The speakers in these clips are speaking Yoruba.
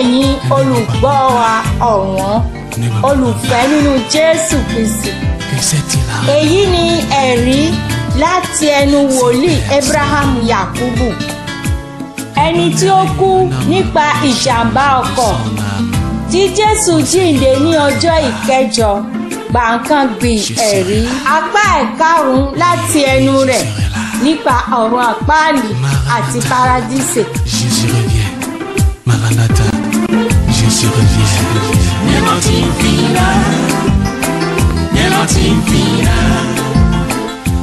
ẹ̀yin olùgbọ́ wa ọ̀wọ́n olùfẹ́ nínú Jésù Kristi èyí ni ẹ̀rí láti ẹnu wòlíì Abraham Yakubu ẹni tí ó kú nípa ìjàmbá ọkọ̀ tí Jésù jíǹde ní ọjọ́ ìkẹjọ gbàǹkangbìn ẹ̀rí apá ẹ̀karùn-ún láti ẹnu rẹ̀ nípa ọ̀run àpáàlì àti paradíṣe. Jésus revient. Ne m'entimfila, ne m'entimfila,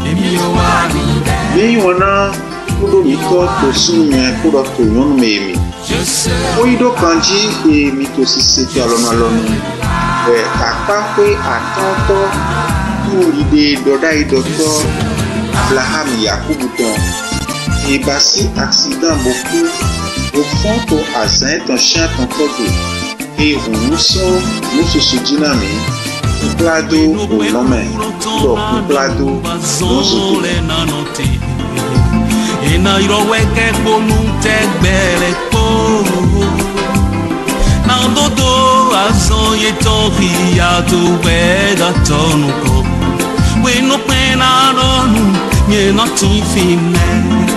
ne m'yowanida. Yeyiwɔ na kuɖomitɔ to sinu mɛ kuɖɔ to nyɔnu mɛ mi. Woyi ɖo kan eye mi to sise tso alɔnalɔnu. Ɛ akpa ƒe atɔtɔ nuyi ɖe dɔɖa yi dɔtɔ Abraham Yakubutɔ in basi accident beaucoup au fond to azan ton chien ton kobe e onuso nususu jinami nklado olome lọ nklado lọsọtò. iná ìrọ̀wẹ́kẹ́ gbónú tẹ́gbẹ̀rẹ̀ kó náà dòdò àzọyẹ̀tọ̀ ìyàtọ̀ wẹ́ẹ́dà tọ̀nù kọ́ pinnu pinnu àrọ́nù yẹn náà ti fi mẹ́ẹ̀.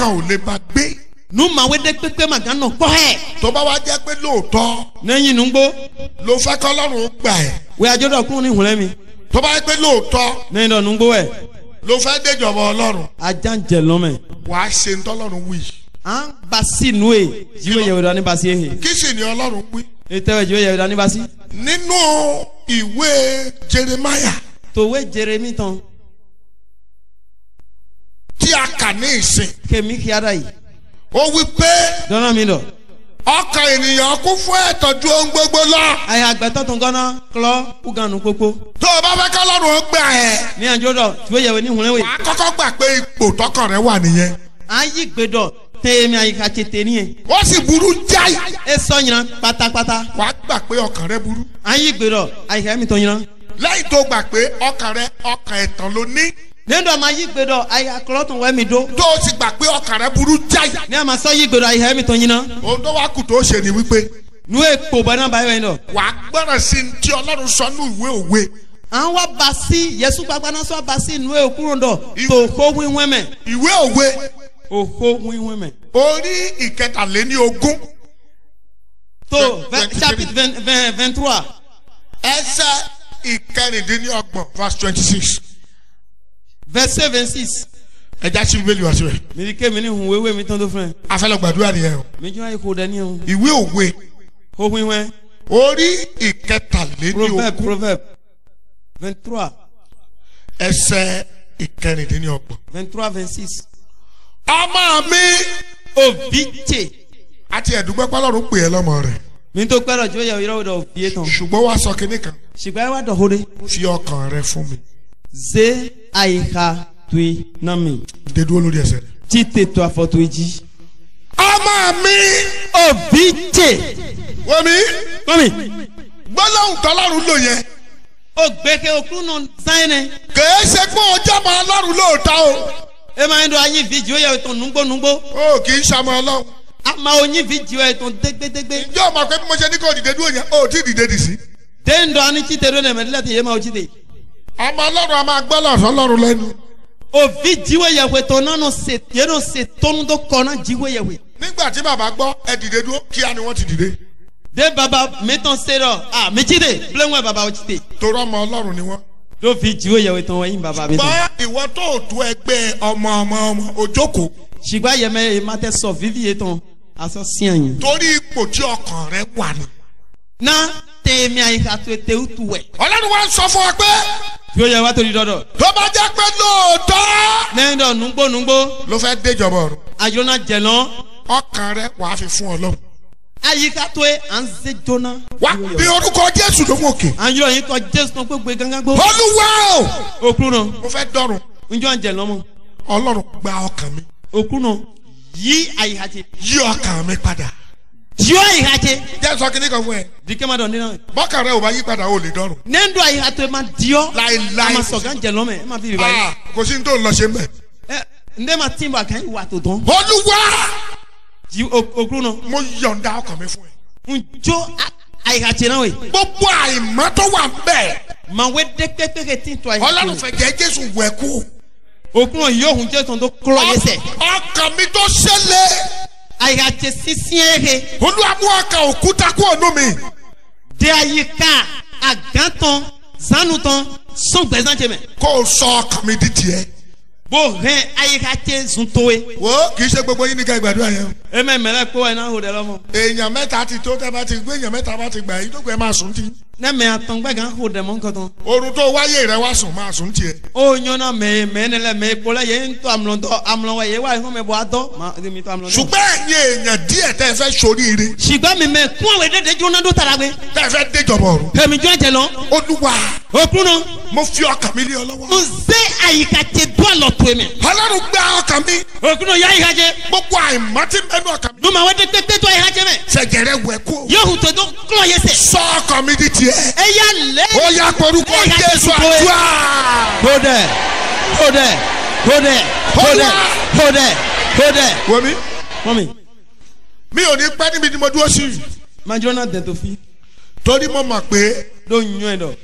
kan ò lè bá gbé. nu màwé dé pépé màgá nà gbọ́ ẹ̀. tó bá wá jẹ́ pé lóòótọ́. lẹ́yìn nu gbó. ló fẹ́ kọ́ lọ́rùn gbà ẹ̀. wẹ́ àjọyọ̀ kún ní ìhùnlẹ́ mi. tó bá jẹ́ pé lóòótọ́. lẹ́yìn lọ nu gbó ẹ̀. ló fẹ́ déjọba ọlọ́run. ajá ń jẹ lọ́mẹ̀. wàá ṣe ń tọ́lọ́run wí. à ń basi nu e jíwé yẹ̀wò dání basi ehe. kí sì ni ọlọ́run wí. ètò ìjíwé yẹ̀wò dání basi. nínú ìwé jeremiah. tòwé jeremi tí a kà ní ìsìn. kèmí kí ara yìí. ó wí pé. dọ́nà mi lọ. ọkàn ènìyàn kún fún ẹ̀tọ́jú ohun gbogbo lọ. àyà àgbẹ̀tọ́ tó ń gánná kúlọ́ kú ganu gbogbo. tó o bá fẹ́ kí ọlọ́run ó gbà ẹ̀. ní àjọ dọ̀ tí ó yẹ̀wò ní ìhùnrẹ́wò. wàá kọ́kọ́ gbà pé ipò tọkàn rẹ wà nìyẹn. à ń yí gbẹdọ̀ tẹ́ẹ̀mí àyíká tètè nìyẹn. ó sì burú jáì. e sọ pátápátá. wàá gbà pé ọkàn rẹ burú. à yí gbẹdọ̀ àyíká mi tọ́ lẹ́yìn tó gbà pé ọkàn rẹ ọkàn ẹ̀tàn ló ní nígbà máa yí gbèdọ̀ àyà kúrọ́tún wẹ́ mi dó. tó o ti gbà pé ọkàn rẹ burú jáì. ní a máa sọ yí gbèdọ̀ àyà mi tó yín náà. ohun tó wá kù tó ṣe ni wípé. nu èpò bọ́ná báyọ̀ yín lọ. wà á gbọ́dọ̀ sí i tí ọlọ́run sọ ní ìwé òwe. à ń wá ba sí yẹsùn gbagbana sọ ba sí nu èkúrò e dọ̀ tó kó wíwẹ́ mẹ́. ìwé òwe. òkó wíwẹ́ mẹ́. orí ìkẹtàléní ogún. tó chapitre vingt trois. ẹsẹ̀ ìkẹrìndínlọ́gbọ̀n verse twenty six verset vingt six. ẹja ṣí bíbélì wá síbẹ̀. mi rí kémi ní hun wéwé mi tán tó fún ẹ. afẹ́lẹ́ gbàdúrà nìyẹn o. mi jẹ́ àyíkó dání o. ìwé òwe. ohun ìwẹ́. orí ìkẹtàléní ogún. proverbe proverbe vingt trois. ẹsẹ̀ ìkẹrìndínlọ́gbọ̀n. vingt trois vingt six. ọmọ mi. òbí tè. àti ẹ̀dùnpẹ́ pálọ̀rún pè é lọ́mọ rẹ̀ mi tó pẹ́ lọ jọ yẹ ìrọ̀rọ̀ òfìyé tán. ṣùgbọ́n wàá sọ kinní kan. ṣùgbọ́n wàá dọ̀hóde. fi ọkàn rẹ fún mi ze ayiha tui nami. tètè dúró lórí ẹsẹ̀. tí tètè afọtò ejí. ọmọ mi. òbí jè. wọ́mi. wọ́mi. gbọ́láhùn tọ́lárù ló yẹ. o gbẹ̀kẹ̀ òkú nù sáyẹnẹ. kèé ṣe pé ọjọ́ máa lárù lóòótá o. e máa ń lo ayé fíjì ó yẹ ètò nùgbónùgbó. o kì í ṣàmọ ọlọ́run. a máa oyin fíjì ó yẹ ètò dégbédégbé. ǹjẹ́ o máa pẹ́ bí mo ṣe ní kó dìde dúró yẹn o ò tí ì dìde dì sí. dé ń dọ́ anítí tẹ̀lé ọ̀nà ìmọ̀lẹ́tì yẹn ti dè ọmọ ọlọ́run a máa gbọ́lọ̀ sọlọ́run lẹ́nu. òbí jíwé yẹ̀wé tó nánu ṣe yẹ́nu ṣe tónú tó kọ́ná jíwé yẹ̀wé. nígbà tí bàbá gbọ́ ẹ dìde dúró ni wọ́n ti dìde. dé bàbá mẹ́tàn ṣe rọ à méjìdè bílẹ̀wọ̀n bàbá ó ti tè. torọ́ ọmọ ọlọ́run ni wọ́n. ló fi jíwé yẹ̀wé tán wọ́n yín bàbá mi. ṣùgbọ́n ìwọ tó tu ẹgbẹ́ ọmọ ọmọ ọmọ òjókòó. ṣùgbọ́n yẹmẹ ìmọ̀tẹ́ sọ fífi yẹ tán aṣọ sí àyìn. torí ipò tí ọkàn rẹ wà ní. ná te mi àyè àti ètè utu wẹ̀. ọlọ́run wa ń sọ fún wa pé. fi oyè wa torí dọdọ. tó bá jẹ́ pé lóòótọ́. lẹ́yìn náà nùgbò nùgbò. ló fẹ́ déjọba ọ̀run. àjọna jẹ̀nà. ọkàn rẹ wàá fi fún ọlọ́run. àyíká tó yẹ à ń ṣe jóná. wá bí orúkọ jésù ló mú òkè. à ń yọ yín kọ jésù náà gbogbo gángan gbó. olúwa o. òkú náà. mo fẹ́ dọ̀rùn. njọ́ jẹ̀nà mọ́. ọlọ́run gba ọkàn mi. òkú náà. yí àyè àti. yí ọkàn mi padà yọ ìhà jẹ. jẹ́ sọ kínní kan fún dike ma dọ̀n nínú. bọ́kàrẹ́ ò bá yí padà ò lè dọ́rùn. ne ń dọ̀ àyè àtọ̀ ma diọ́. láìláì a ma sọ̀gá jẹ̀lọ́ mẹ́ ẹ ma fi rìbá yẹ. Ah, kò sí ní tó lọ ṣe mẹ́. ẹ ǹdẹ́ ma tí n bọ̀ àkànyìn wà tó dán. olúwa. jí ogun náà. mo yọ̀ǹda ọkàn mi fún ẹ. njó àyè àti náà yìí. gbogbo àìmọ́ tó wà bẹ́ẹ̀. màwé dé pépére tí n tọ́ àyè. ọlọ́run fẹ́ jẹ́ jésù wẹ̀ kú. òkun yóò hun jésù tó kúrọ̀ yẹsẹ̀. ọkàn mi tó ṣẹlẹ̀ àyàjẹ sísín ehe. olúwa mú ọkàn òkúta kú ònú mi. de àyíká àgántàn zanutàn sọgbẹsánjẹmẹ. kó o sọ ọkàn mi di tiẹ. bó hẹ àyíkájẹ zuntoe. wo kì í ṣe gbogbo yín ní ká ìgbàdúrà yẹn. èmi mẹlẹ kó ẹ náà hò dẹ lọmọ. èèyàn mẹta ti tó tẹ bá ti gbé èèyàn mẹta bá ti gbà yín tó kọ máa sùn tí ne mɛ atɔngbɛ gan ko dɛmɛ kɔtɔn. orutɔ wáyé rẹ wá sùn máa sùn tiɛ. o ɲɔna mɛ mɛ ne la mɛ kpɔlɔ ye n to amulɔtɔ amulɔwɛ ye wa ihun mɛ bɔ atɔ. ma e mi to amulɔtɔ. sugbɛ ye ɲɛ diɛ tɛ fɛ sori ri. sugbɛ mi mɛ kún awɛ dɛdɛ jona do tara gbɛ. tɛ fɛ de jɔbɔ. kɛmɛ jɔn jɛ lɔ. o dun wa. o kun na. mo fi ọkàn mi lé ọ lọ́wọ́. nse àyíká tẹ dúà lọ tó mẹ. ọlọ́run gbé ọkàn mi. o kun na yà Numa wɛ tɛtɛ tɔ ye hajɛ mɛ. Sɛgɛrɛ wɛ ko. Yehu to do kulɔ ye sɛ. Sɔɔ kɔmidi tiɛ. E y'a lɛ. O y'a kɔrukɔ Yesu aduwa. Ko dɛ, ko dɛ, ko dɛ, ko dɛ, ko dẹ kó dẹ. wọ́mi. wọ́mi. mi ò ní pẹ́ níbi tí mo dúró sí. majona dẹ̀tò fi. torí mo mọ̀ pé. ló ń yan ẹ lọ.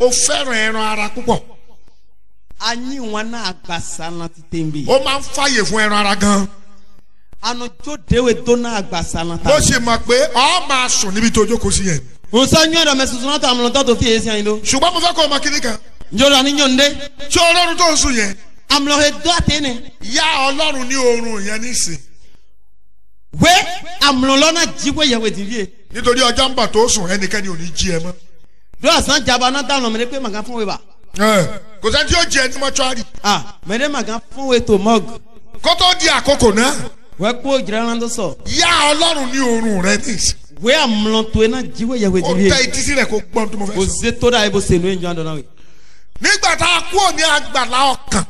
o fẹ́ràn ẹran ara púpọ̀. a ní wọn náà gbàsá láti tẹ̀ ń bì. ó máa ń fàyè fún ẹran ara gan-an anujodewe dona agbasalanta. mo ṣe mọ̀ pé ọ máa sùn níbi tó jókòó sí yẹn. nsa nyọ dàmẹ sunsun náà tó àmì tó fi èyí sí àyìn ló. ṣùgbọ́n mo fẹ́ kọ́ ọmọ kiri kan. njọ́ra ni yọ̀ǹde. ṣé ọlọ́run tó ń sùn yẹn. àmì lọ́hẹ́ dọ́ àtẹ́ni. ya ọlọ́run ní oorun yẹn nísìn. wé àmì lọ́nà jíwé yẹ̀wé dìbíye. nítorí ọjọ́ ń bà tó sùn ẹnikẹ́ni ò ní jí ẹ mọ́. dọ́ọ̀ sàn jaba náà kò sẹ́ni tí yóò jẹ ẹni mọ́ṣúárì. ah mẹ́rẹ́ màgá fún wé tó mọ́ọ̀gù. kótó di àkókò náà wẹ́ kó jìrẹ́ran tó sọ. yá ọlọ́run ní oorun rẹ ní. wẹ́ àmúlọ́tò iná jíwé yẹ̀wé jíwé. o tẹ etí sílẹ̀ kó gbọ́n tó mo fẹ́ sọ. kò sí tó dáa ibo sèlú ìjọ àdánná wẹ̀. nígbà tá a kú òní àgbàlá ọkàn.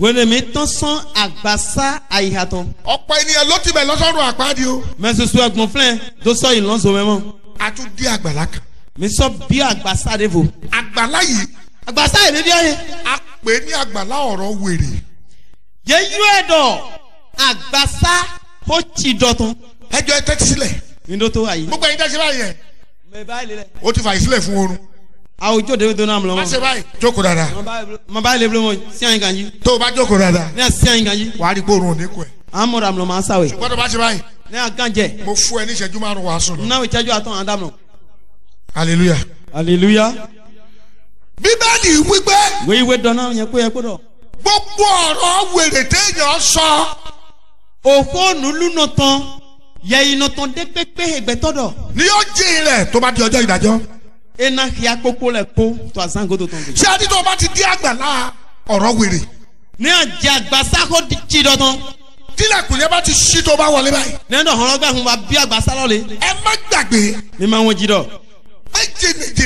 wẹ́rẹ́ mi tán sán àgbàsá àyíká tán. ọ̀pọ̀ ènìyàn ló ti bẹ̀ lọ́sọ̀rọ̀ àpáàdì o. mẹ́sùsù ẹ̀gbọ́n fúnlẹ̀ tó sọ ìlọ́sọ̀ mẹ́mọ́. a tún dé àgbàlá kan. mi sọ bí àgbàsá rẹ fò. àgbàlá yìí. àgbàsá yìí ni bí àgbàsá ó ti dọ̀tun. ẹjọ ẹ tẹ́tí sílẹ̀. níbo tó wà yìí. gbogbo ẹyin tẹ́tí sílẹ̀ yẹn. mẹ báyìí lẹ. o ti fà yìí sílẹ̀ fún oorun. àwùjọ de tó náà mọ̀ lọ́wọ́. má ṣe báyìí. jókòó dada. mọ báyìí lè bolo mọ sí àyìn kan jí. tó o bá jókòó dada. ní à sí àyìn kan jí. wàá rí gbóòórùn òní kù ẹ. à ń mọ̀ràn àmọ̀ máa ń sáwẹ̀. ṣùgbọ́n tó bá ṣe báyìí. ní à gán jẹ. mo fún ẹ ní ìṣẹ́jú márùn-ún wàásù lọ. náà ìṣẹ́jú àtọ̀ àdámọ̀. hallelujah. hallelujah. bíbélì wípé. wíwé dọ́nà yẹn pé ẹ gbọ́dọ̀. gbogbo ọ̀rọ̀ wèrè téèyàn sọ òfóònù lúnà tán yẹ iná tán dé pépé ẹgbẹ́tọ́dọ̀. ni yóò jí ilẹ̀ tó bá di ọjọ́ ìdájọ́. ena hia kpokpo le kpo tó azango tó tán. ṣé adi tó o bá ti di àgbàlá ọ̀rọ̀ wèrè. ní àjẹ àgbàsáko ti dọ̀ tán. tílẹ̀kùn yẹn bá ti ṣí tó bá wọlé báyìí. nínú ọ̀rọ̀ gbà fún wa bí àgbàsá lọ le. ẹ má gbàgbé. mi máa ń wọ́n jí dọ̀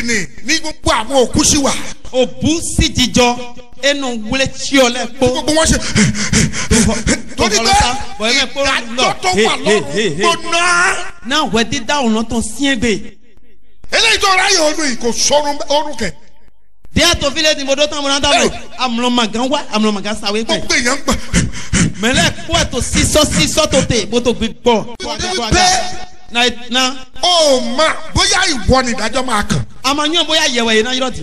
nì ní gbogbo àwọn òkú sí wa. òbú sì jíjọ ẹnu wúlé tí ọ lẹ́kpó. gbogbo wọn ṣe. torí pé ìdájọ́ tó wà lọ́rùn gbóná. náà wẹ́ẹ́ dídá ọ̀nà tó ń siẹ́gbẹ̀. eléyìí tó ráyè ọdún yìí kò sọrun ọdún kẹ díẹ̀ tó fi lé ní mo dó tán mo amúlọ́màgán wá amúlọ́màgán sáwé pẹ̀. gbogbo èèyàn gbà. mẹ́lẹ̀ kó ètò sísọ́ sísọ́ tó tè bó tó gbé gbọ́. Na ó oh, mà bóyá ìwọ ni ìdájọ́ máa kàn. a máa yàn bóyá yẹ̀wẹ̀ yìí náà yọ̀rọ̀ tì.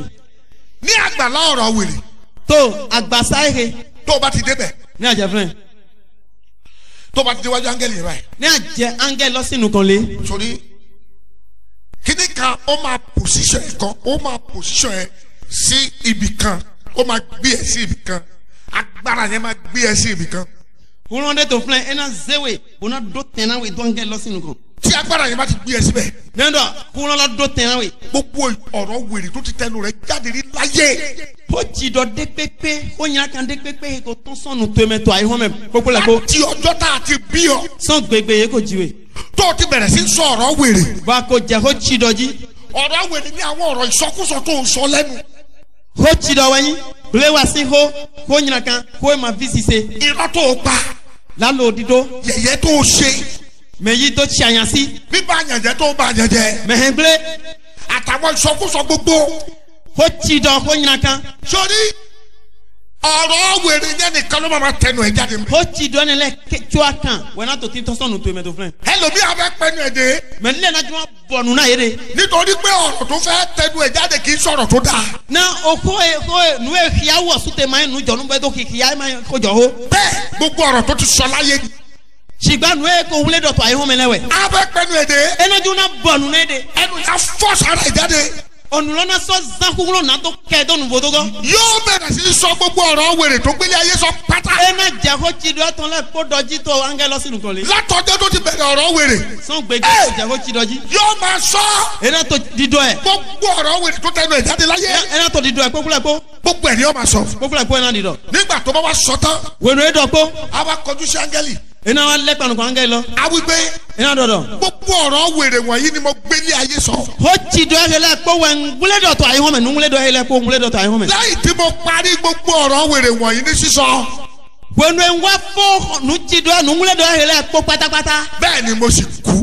ní àgbàlá ọ̀rọ̀ wèrè. tó àgbà sáyé. tó o bá ti débẹ̀. ní àjẹ fúnẹ̀. tó o bá ti déwájú áńgẹ́lì yẹn báyìí. ní àjẹ áńgẹ́lì lọ́sìnù kan lé. sori kíní kan ó máa pòsíṣọ̀ ẹ̀ kan ó máa pòsíṣọ̀ ẹ̀ sí ibì kan ó máa gbé ẹ̀ sí ibì kan agbára yẹn máa gbé ẹ sí ibì kan. wọ́n tó fún ẹ ẹ náà zéwèé wọ́n náà dó tẹ̀ náà wẹ̀ dọ́ńgẹ́ lọ́sìnù kan tí agbára yẹn bá ti gbé ẹ síbẹ̀. nẹ́ẹ̀dọ̀ kúnlọ́lá dó tẹ̀yàn wẹ̀. gbogbo ọ̀rọ̀ wèrè tó ti tẹnu rẹ̀ jáde rí láyé. ó jì dọ̀ dé pépé ó yàn kan dé pépé kò tán sọnù tó mẹ́tọ́ àyè hàn mẹ́ gbogbo la ko. láti ọjọ́ tá a ti bí ọ. sàn gbègbè yẹ kò jíwe. tó o ti bẹ̀rẹ̀ sí sọ ọ̀rọ̀ wèrè. wà á ko jẹ kó jì dọ̀ jí. ọ̀rọ̀ wèrè ní àwọn ọ̀rọ̀ ìsọkúsọ tó ń sọ lẹ́nu. ó jì dọ̀ wẹ̀yìn lé wa sí hó kó yìnkan kó ma fi sise. irọ́ tó o pa. lálọ́ òdido. yẹ̀yẹ́ tó o ṣe mẹ yi tó tsi àyàn sí. bíbá àyàn jẹ tó bá àyàn jẹ. mẹhẹn gblẹ. àtàwọn sọkúsọ gbogbo. ko ti dọ̀ kó ɲinan kan. sori ọ̀rọ̀ wèrè yẹn nìkan ló máa tẹnu ẹ̀ jáde. ó ti dọ́ni lẹ kẹjọ́ kan wọn náà tó ti tọ́sán tó yẹn tó filẹ̀. ẹlòmíì a fẹ́ pẹnu ẹ̀ dé. mẹ nílẹ̀ náà tí wọ́n bọ̀nù náà yé de. nítorí pé ọ̀rọ̀ tó fẹ́ tẹnu ẹ̀ jáde kì í sọ̀rọ̀ tó dáa. na o ko ye ko ye nu ye kíá wọ̀ sùtẹ̀ máa ń nu jọ̀ nu bẹ́ẹ̀ tó kì í kíá máa ń kó o. bẹ́ẹ̀ gbogbo ọ̀rọ̀ tó ti sọ láyé ni sigbanu ye ko wuli dɔ to a ye hɔn mɛnɛ wɛ. a bɛ kpɛ nu ye de. enaju na bɔnu ne de. ɛnu ya fɔ sara yi jáde. ọ̀nùlọ́nà sọ zankunlo nàtó kẹ́ẹ̀dọ́ nùfọ́tọ́gọ́. yóò bẹ̀rẹ̀ sí sọ gbogbo ọ̀rọ̀ wèrè tó gbélé ayé sọ pátá. ẹ jago tsidọ́ tán lẹ kó dọ́jí tó angẹ́ lọ sínú kan lé. látọjọ́ tó ti bẹ̀rẹ̀ ọ̀rọ̀ wèrè. sọ́n gbẹjọ́ tó jago tsidọ́ jí. yóò máa sọ. ẹ náà tó didọ́ ẹ. gbogbo ọ̀rọ̀ wèrè tó tẹnu ẹ̀ jáde láyé. ẹ náà tó didọ́ ẹ kókúlẹ̀ kó. gbogbo ẹ̀ ni yóò máa sọ. kókúlẹ̀ kó nígbà tó bá wa sọ tán. wẹ̀nu ẹ dọ̀ kó. a bá kọjú sí angẹ́lì iná wa lẹ́ kpanukọ angẹ́ lọ. awi pé. iná dọ̀dọ̀. gbogbo ọ̀rọ̀ wèrè wọ̀nyí ni mo gbé ní ayé sọ. ó ti dọ̀ ẹ́ lẹ́ kó wẹ̀ ńgbélé dọ̀tọ̀ ayé hàn mẹ́ ńgbélé dọ̀ ẹ́ lẹ́ kó ńgbélé dọ̀tọ̀ ayé hàn mẹ́. lẹ́yìn tí mo parí gbogbo ọ̀rọ̀ wèrè wọ̀nyí ní sísọ. gbogbo ń wá fó nu ti dọ̀ nu ńgbélé dọ̀ ẹ́ lẹ́ kó pátápátá. bẹ́ẹ̀ ni mo sì kú.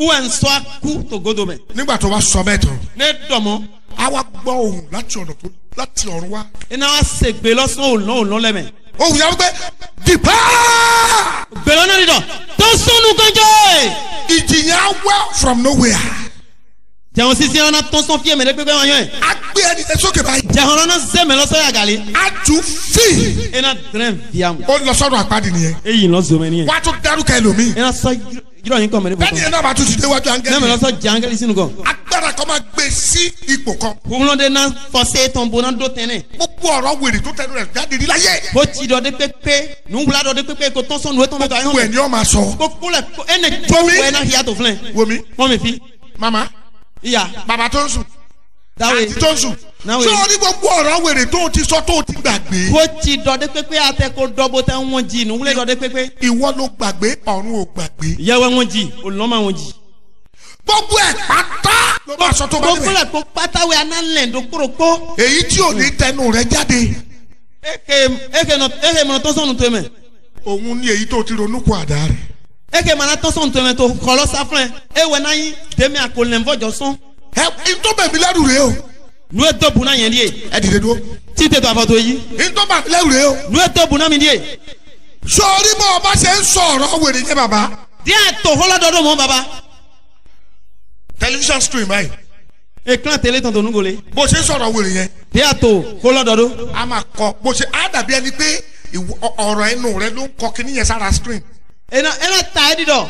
wọ́n sọ kú tògodo mẹ́. nígbà tó wá sọ mẹ́ tó. ne dọ̀mọ́. àwa gbọ́ ohùn láti ọ̀run wá. iná wa ṣègbè lọ́sàn-án òun náà òun náà lẹ́mẹ̀ẹ́ o wùyà wípé dìpá. gbèrò náà dídọ̀ tó sọnù kankan. ìjìyà wá from nowhere. jẹun sisi ọ̀nà tó sọ fíẹ̀mẹ̀ lẹ́gbẹ́ gbẹ́ wọn yẹn. a gbé ẹni tẹ sókè báyìí. jẹun ọ̀nà sẹ́mẹ̀ lọ́sọ̀ yà gàlẹ́. a tún fi. iná dẹrẹ́ fìyà mu. ó lọ sọ́dọ̀ àpáàdì nìyẹn. èyí lọ zomẹ nìyẹn. wàá tún dárúkọ ẹlòmíì. iná sọ jùlọ yín kàn mẹ́rin bọ̀ kan. bẹ́ẹ̀ni náà bá tún ti dé wájú angẹ́lì. náà mi jẹ́ angẹ́lì sínú kan. agbára kan máa gbé sí ipò kan. wúlọ́dẹ náà fọ sí ètò ìbò náà dó tẹ́nẹ̀. gbogbo ọ̀rọ̀ wèrè tó tẹnu rẹ̀ jáde rí láyé. ó ti dọ̀ de pépé nùgbùlá dọ̀ de pépé kò tó sọ̀nù ètò mẹ́ta. gbogbo ẹ̀ ni ó máa sọ. gbogbo àti jọ́sù sọ ní gbogbo ọ̀rọ̀ wèrè tó ti sọ tó ti gbàgbé. kó ti dọ̀dé pépé atẹ́kọ̀ dọ́bọ̀ tẹ́ wọ́n jì nù wúlé dọ̀dé pépé. ìwọ ló gbàgbé ọ̀run ò gbàgbé. yẹwẹ wọn jì olùlọ́mọ wọn jì. gbogbo ẹ pátá. gbogbo ẹ tó pátáwé análẹ̀ ńdókòrókó. èyí tí ò ní tẹnu rẹ jáde. eke eke mọ̀nà tó sọ̀nù tó mẹ́. òun ni èyí tó ti ronú kó àdá rẹ̀. eke mọ̀nà tó sọ̀nù tó mẹ́ tó kọ́ lọ́sàfún ẹ ẹ ntọ́bẹ̀ mi lẹ́rù rẹ o. nu e tó bunna yẹn di ye. ẹ dìde dúró. tí tètè àfọ̀tò yìí. ntọ́bẹ̀ mi lẹ́rù rẹ o. nu e tó bunna mi di ye. sọ̀rí mọ́ ọba ṣe ń sọ̀rọ̀ wèrè yẹn bàbá. díẹ̀ tó hólà dọ́dọ̀ mọ́ bàbá. tẹlifíṣàn screen báyìí. ekran tẹlẹ tọ̀tọ̀ nugole. bó ṣe sọ̀rọ̀ wèrè yẹn. díẹ̀ tó hólà dọ́dọ̀. a máa kọ bó ṣe á dàbí ẹni pé ọ̀rọ̀ ẹnu rẹ ló ń kọ kíní yẹn sára screen. ẹnà ẹnà ta ẹ dídọ̀